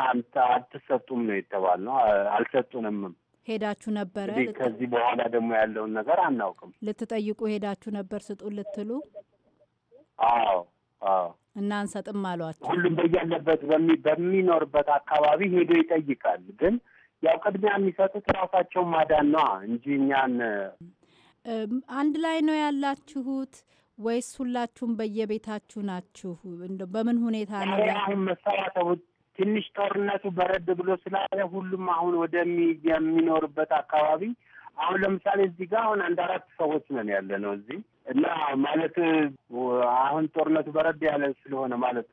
አትሰጡም ነው የተባልነው። አልሰጡንምም። ሄዳችሁ ነበረ። ከዚህ በኋላ ደግሞ ያለውን ነገር አናውቅም። ልትጠይቁ ሄዳችሁ ነበር ስጡ ልትሉ አዎ አዎ። እና አንሰጥም አሏቸው። ሁሉም በያለበት በሚኖርበት አካባቢ ሄዶ ይጠይቃል። ግን ያው ቅድሚያ የሚሰጡት ራሳቸውን ማዳን ነዋ እንጂ እኛን። አንድ ላይ ነው ያላችሁት ወይስ ሁላችሁም በየቤታችሁ ናችሁ? በምን ሁኔታ ነው አሁን መሰራተቡ? ትንሽ ጦርነቱ በረድ ብሎ ስላለ ሁሉም አሁን ወደሚ የሚኖርበት አካባቢ አሁን ለምሳሌ እዚህ ጋር አሁን አንድ አራት ሰዎች ነን ያለ ነው እዚህ እና ማለት አሁን ጦርነቱ በረድ ያለ ስለሆነ ማለት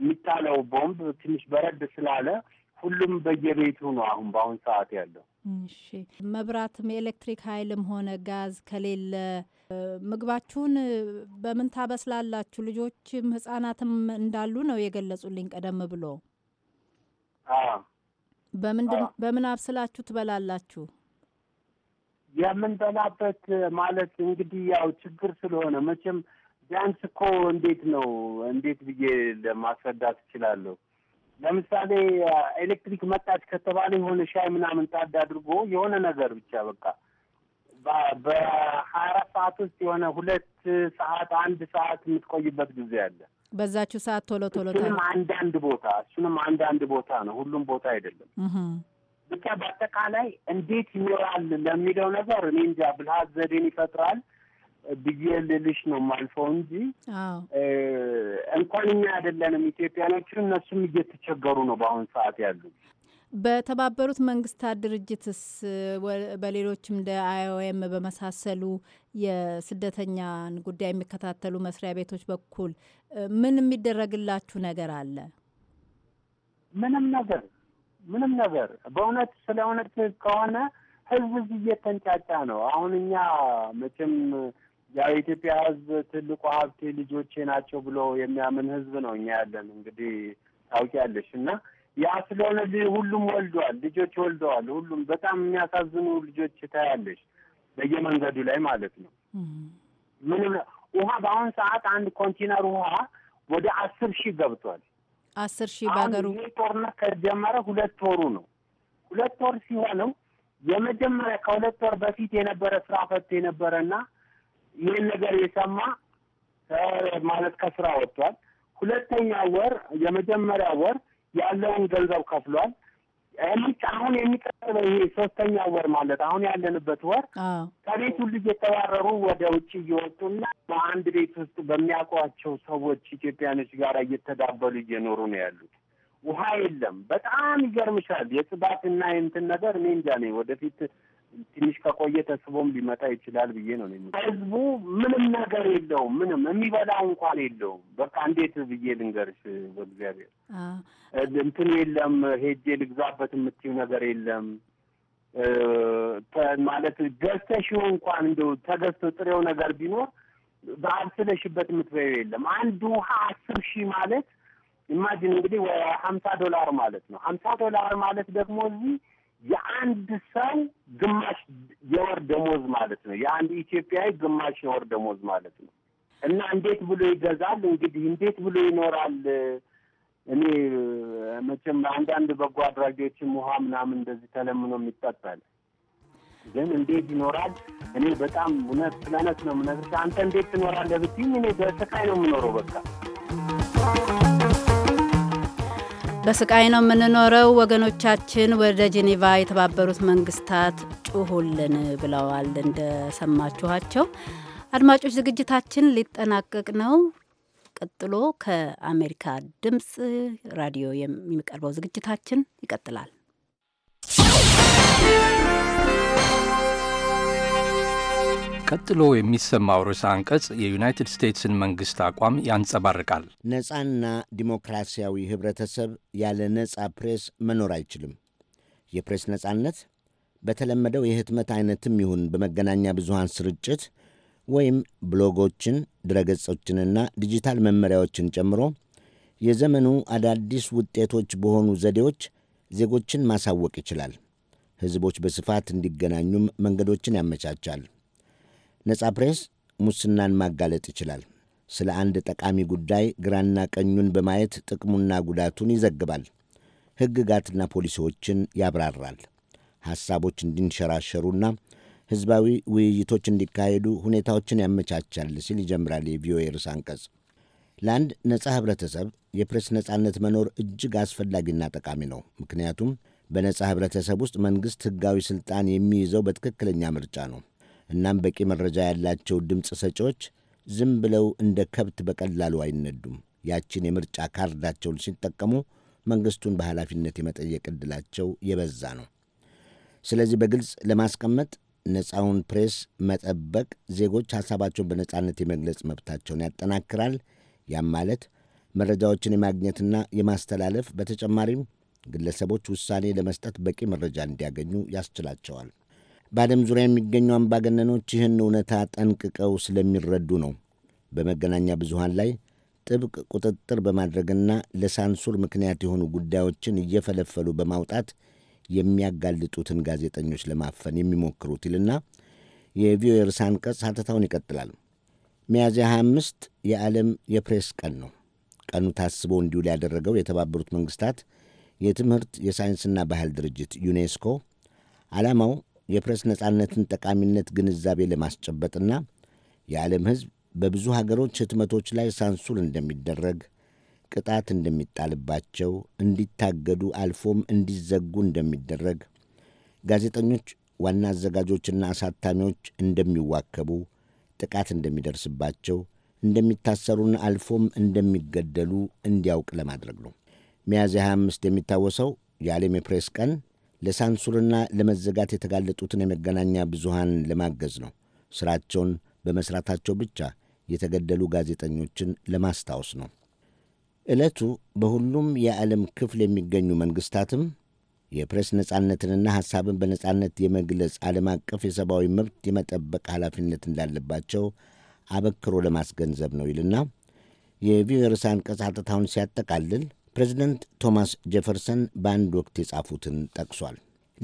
የሚጣለው ቦምብ ትንሽ በረድ ስላለ ሁሉም በየቤቱ ነው አሁን በአሁን ሰዓት ያለው። እሺ መብራትም የኤሌክትሪክ ኃይልም ሆነ ጋዝ ከሌለ ምግባችሁን በምን ታበስላላችሁ? ልጆችም ህጻናትም እንዳሉ ነው የገለጹልኝ ቀደም ብሎ። በምን በምን አብስላችሁ ትበላላችሁ? የምንበላበት ማለት እንግዲህ ያው ችግር ስለሆነ መቼም ቢያንስ እኮ እንዴት ነው እንዴት ብዬ ለማስረዳት እችላለሁ። ለምሳሌ ኤሌክትሪክ መጣች ከተባለ የሆነ ሻይ ምናምን ታድ አድርጎ የሆነ ነገር ብቻ በቃ በሀያ አራት ሰዓት ውስጥ የሆነ ሁለት ሰዓት አንድ ሰዓት የምትቆይበት ጊዜ አለ። በዛችው ሰዓት ቶሎ ቶሎ አንዳንድ ቦታ እሱንም አንዳንድ ቦታ ነው፣ ሁሉም ቦታ አይደለም። ብቻ በአጠቃላይ እንዴት ይኖራል ለሚለው ነገር እኔ እንጃ ብልሃት ዘዴን ይፈጥራል ብዬ ልልሽ ነው ማልፈው እንጂ እንኳን እኛ አይደለንም ኢትዮጵያኖቹ፣ እነሱም እየተቸገሩ ነው በአሁኑ ሰዓት ያሉ። በተባበሩት መንግስታት ድርጅትስ በሌሎችም እንደ አይኦኤም በመሳሰሉ የስደተኛን ጉዳይ የሚከታተሉ መስሪያ ቤቶች በኩል ምን የሚደረግላችሁ ነገር አለ? ምንም ነገር ምንም ነገር በእውነት ስለ እውነት ከሆነ ህዝብ እዚህ እየተንጫጫ ነው። አሁን እኛ መቼም ያው የኢትዮጵያ ህዝብ ትልቁ ሀብቴ ልጆቼ ናቸው ብሎ የሚያምን ህዝብ ነው እኛ ያለን እንግዲህ ታውቂያለሽ። እና ያ ስለሆነ ሁሉም ወልደዋል፣ ልጆች ወልደዋል። ሁሉም በጣም የሚያሳዝኑ ልጆች ታያለሽ በየመንገዱ ላይ ማለት ነው። ምንም ውሃ በአሁን ሰዓት አንድ ኮንቴነር ውሃ ወደ አስር ሺህ ገብቷል። አስር ሺህ በሀገሩ ይህ ጦርነት ከጀመረ ሁለት ወሩ ነው። ሁለት ወር ሲሆነው የመጀመሪያ ከሁለት ወር በፊት የነበረ ስራ ፈት የነበረና ይህን ነገር የሰማ ማለት ከስራ ወጥቷል። ሁለተኛ ወር የመጀመሪያ ወር ያለውን ገንዘብ ከፍሏል። ልክ አሁን የሚቀጥለው ይሄ ሶስተኛ ወር ማለት አሁን ያለንበት ወር ከቤት ሁሉ እየተባረሩ ወደ ውጭ እየወጡና በአንድ ቤት ውስጥ በሚያውቋቸው ሰዎች ኢትዮጵያኖች ጋር እየተዳበሉ እየኖሩ ነው ያሉት። ውሃ የለም። በጣም ይገርምሻል። የጽዳትና የእንትን ነገር እኔ እንጃ ነኝ ወደፊት ትንሽ ከቆየ ተስቦም ሊመጣ ይችላል ብዬ ነው። ህዝቡ ምንም ነገር የለውም፣ ምንም የሚበላው እንኳን የለውም። በቃ እንዴት ብዬ ልንገርሽ? በእግዚአብሔር እንትን የለም፣ ሄጄ ልግዛበት የምትይው ነገር የለም። ማለት ገዝተሽው እንኳን እንደው ተገዝቶ ጥሬው ነገር ቢኖር በአልስለሽበት የምትበይው የለም። አንድ ውሃ አስር ሺህ ማለት ኢማጂን እንግዲህ ሀምሳ ዶላር ማለት ነው። ሀምሳ ዶላር ማለት ደግሞ እዚህ የአንድ ሰው ግማሽ የወር ደሞዝ ማለት ነው። የአንድ ኢትዮጵያዊ ግማሽ የወር ደሞዝ ማለት ነው። እና እንዴት ብሎ ይገዛል? እንግዲህ እንዴት ብሎ ይኖራል? እኔ መቼም አንዳንድ በጎ አድራጊዎችም ውሃ ምናምን እንደዚህ ተለምኖ የሚጠጣል፣ ግን እንዴት ይኖራል? እኔ በጣም እውነት ስለእውነት ነው የምነግርሽ። አንተ እንዴት ትኖራለህ ብትይኝ እኔ በስቃይ ነው የምኖረው በቃ በስቃይ ነው የምንኖረው። ወገኖቻችን ወደ ጄኔቫ የተባበሩት መንግስታት ጩሁልን ብለዋል። እንደሰማችኋቸው አድማጮች፣ ዝግጅታችን ሊጠናቀቅ ነው። ቀጥሎ ከአሜሪካ ድምፅ ራዲዮ የሚቀርበው ዝግጅታችን ይቀጥላል። ቀጥሎ የሚሰማው ርዕሰ አንቀጽ የዩናይትድ ስቴትስን መንግሥት አቋም ያንጸባርቃል። ነፃና ዲሞክራሲያዊ ኅብረተሰብ ያለ ነፃ ፕሬስ መኖር አይችልም። የፕሬስ ነፃነት በተለመደው የህትመት አይነትም ይሁን በመገናኛ ብዙሃን ስርጭት ወይም ብሎጎችን፣ ድረገጾችንና ዲጂታል መመሪያዎችን ጨምሮ የዘመኑ አዳዲስ ውጤቶች በሆኑ ዘዴዎች ዜጎችን ማሳወቅ ይችላል። ሕዝቦች በስፋት እንዲገናኙም መንገዶችን ያመቻቻል። ነጻ ፕሬስ ሙስናን ማጋለጥ ይችላል። ስለ አንድ ጠቃሚ ጉዳይ ግራና ቀኙን በማየት ጥቅሙና ጉዳቱን ይዘግባል። ሕግጋትና ፖሊሲዎችን ያብራራል። ሐሳቦች እንዲንሸራሸሩና ሕዝባዊ ውይይቶች እንዲካሄዱ ሁኔታዎችን ያመቻቻል ሲል ይጀምራል የቪኦኤ ርዕሰ አንቀጽ። ለአንድ ነጻ ኅብረተሰብ የፕሬስ ነጻነት መኖር እጅግ አስፈላጊና ጠቃሚ ነው። ምክንያቱም በነጻ ኅብረተሰብ ውስጥ መንግሥት ሕጋዊ ሥልጣን የሚይዘው በትክክለኛ ምርጫ ነው። እናም በቂ መረጃ ያላቸው ድምፅ ሰጪዎች ዝም ብለው እንደ ከብት በቀላሉ አይነዱም። ያችን የምርጫ ካርዳቸውን ሲጠቀሙ መንግሥቱን በኃላፊነት የመጠየቅ ዕድላቸው የበዛ ነው። ስለዚህ በግልጽ ለማስቀመጥ ነፃውን ፕሬስ መጠበቅ ዜጎች ሐሳባቸውን በነፃነት የመግለጽ መብታቸውን ያጠናክራል። ያም ማለት መረጃዎችን የማግኘትና የማስተላለፍ በተጨማሪም ግለሰቦች ውሳኔ ለመስጠት በቂ መረጃ እንዲያገኙ ያስችላቸዋል። በዓለም ዙሪያ የሚገኙ አምባገነኖች ይህን እውነታ ጠንቅቀው ስለሚረዱ ነው በመገናኛ ብዙሃን ላይ ጥብቅ ቁጥጥር በማድረግና ለሳንሱር ምክንያት የሆኑ ጉዳዮችን እየፈለፈሉ በማውጣት የሚያጋልጡትን ጋዜጠኞች ለማፈን የሚሞክሩት ይልና የቪኦኤ ርዕሰ አንቀጽ ሐተታውን ይቀጥላል። ሚያዝያ 25 የዓለም የፕሬስ ቀን ነው። ቀኑ ታስቦ እንዲውል ያደረገው የተባበሩት መንግስታት የትምህርት የሳይንስና ባህል ድርጅት ዩኔስኮ ዓላማው የፕሬስ ነጻነትን ጠቃሚነት ግንዛቤ ለማስጨበጥና የዓለም ሕዝብ በብዙ ሀገሮች ህትመቶች ላይ ሳንሱር እንደሚደረግ ቅጣት እንደሚጣልባቸው እንዲታገዱ አልፎም እንዲዘጉ እንደሚደረግ ጋዜጠኞች፣ ዋና አዘጋጆችና አሳታሚዎች እንደሚዋከቡ፣ ጥቃት እንደሚደርስባቸው፣ እንደሚታሰሩና አልፎም እንደሚገደሉ እንዲያውቅ ለማድረግ ነው። ሚያዝያ 25 የሚታወሰው የዓለም የፕሬስ ቀን ለሳንሱርና ለመዘጋት የተጋለጡትን የመገናኛ ብዙሃን ለማገዝ ነው። ሥራቸውን በመሥራታቸው ብቻ የተገደሉ ጋዜጠኞችን ለማስታወስ ነው። ዕለቱ በሁሉም የዓለም ክፍል የሚገኙ መንግሥታትም የፕሬስ ነጻነትንና ሐሳብን በነጻነት የመግለጽ ዓለም አቀፍ የሰብአዊ መብት የመጠበቅ ኃላፊነት እንዳለባቸው አበክሮ ለማስገንዘብ ነው ይልና የቪኦኤ ርዕሰ አንቀጽ አጥታውን ሲያጠቃልል ፕሬዚደንት ቶማስ ጄፈርሰን በአንድ ወቅት የጻፉትን ጠቅሷል።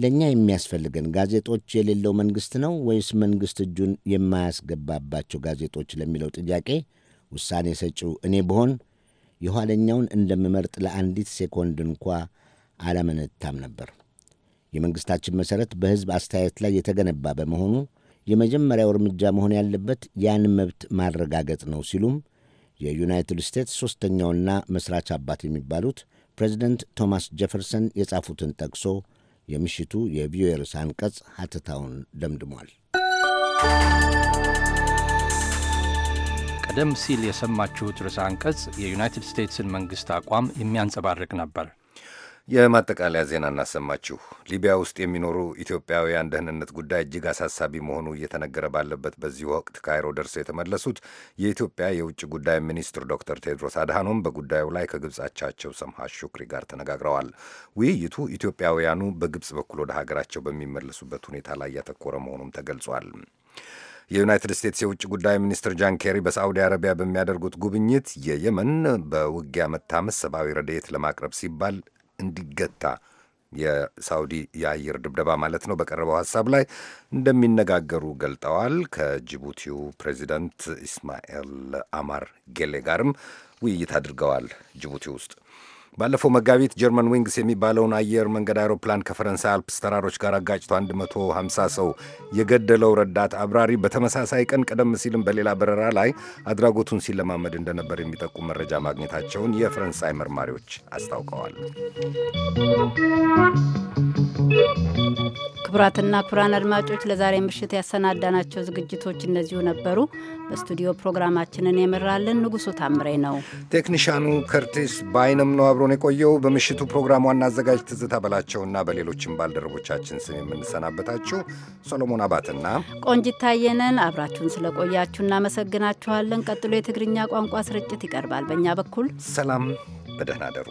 ለእኛ የሚያስፈልገን ጋዜጦች የሌለው መንግሥት ነው ወይስ መንግሥት እጁን የማያስገባባቸው ጋዜጦች ለሚለው ጥያቄ ውሳኔ ሰጪው እኔ ብሆን የኋለኛውን እንደምመርጥ ለአንዲት ሴኮንድ እንኳ አላመነታም ነበር። የመንግሥታችን መሠረት በሕዝብ አስተያየት ላይ የተገነባ በመሆኑ የመጀመሪያው እርምጃ መሆን ያለበት ያን መብት ማረጋገጥ ነው ሲሉም የዩናይትድ ስቴትስ ሦስተኛውና መሥራች አባት የሚባሉት ፕሬዚደንት ቶማስ ጄፈርሰን የጻፉትን ጠቅሶ የምሽቱ የቪኦኤ ርዕሰ አንቀጽ ሐተታውን ደምድሟል። ቀደም ሲል የሰማችሁት ርዕሰ አንቀጽ የዩናይትድ ስቴትስን መንግሥት አቋም የሚያንጸባርቅ ነበር። የማጠቃለያ ዜና እናሰማችሁ። ሊቢያ ውስጥ የሚኖሩ ኢትዮጵያውያን ደህንነት ጉዳይ እጅግ አሳሳቢ መሆኑ እየተነገረ ባለበት በዚህ ወቅት ካይሮ ደርሰው የተመለሱት የኢትዮጵያ የውጭ ጉዳይ ሚኒስትር ዶክተር ቴድሮስ አድሃኖም በጉዳዩ ላይ ከግብጻቻቸው ሰምሃ ሹክሪ ጋር ተነጋግረዋል። ውይይቱ ኢትዮጵያውያኑ በግብጽ በኩል ወደ ሀገራቸው በሚመለሱበት ሁኔታ ላይ ያተኮረ መሆኑም ተገልጿል። የዩናይትድ ስቴትስ የውጭ ጉዳይ ሚኒስትር ጃን ኬሪ በሳዑዲ አረቢያ በሚያደርጉት ጉብኝት የየመን በውጊያ መታመስ ሰብአዊ ረድኤት ለማቅረብ ሲባል እንዲገታ የሳውዲ የአየር ድብደባ ማለት ነው በቀረበው ሀሳብ ላይ እንደሚነጋገሩ ገልጠዋል። ከጅቡቲው ፕሬዚደንት ኢስማኤል አማር ጌሌ ጋርም ውይይት አድርገዋል ጅቡቲ ውስጥ። ባለፈው መጋቢት ጀርመን ዊንግስ የሚባለውን አየር መንገድ አይሮፕላን ከፈረንሳይ አልፕስ ተራሮች ጋር አጋጭቶ 150 ሰው የገደለው ረዳት አብራሪ በተመሳሳይ ቀን ቀደም ሲልም በሌላ በረራ ላይ አድራጎቱን ሲለማመድ እንደነበር የሚጠቁም መረጃ ማግኘታቸውን የፈረንሳይ መርማሪዎች አስታውቀዋል። ክቡራትና ክቡራን አድማጮች ለዛሬ ምሽት ያሰናዳናቸው ዝግጅቶች እነዚሁ ነበሩ። በስቱዲዮ ፕሮግራማችንን የመራልን ንጉሱ ታምሬ ነው። ቴክኒሻኑ ከርቲስ በአይንም ነው አብሮን የቆየው። በምሽቱ ፕሮግራም ዋና አዘጋጅ ትዝታ በላቸውና በሌሎችም ባልደረቦቻችን ስም የምንሰናበታችሁ ሰሎሞን አባትና ቆንጅት ታየነን አብራችሁን ስለቆያችሁ እናመሰግናችኋለን። ቀጥሎ የትግርኛ ቋንቋ ስርጭት ይቀርባል። በእኛ በኩል ሰላም፣ በደህና አደሩ።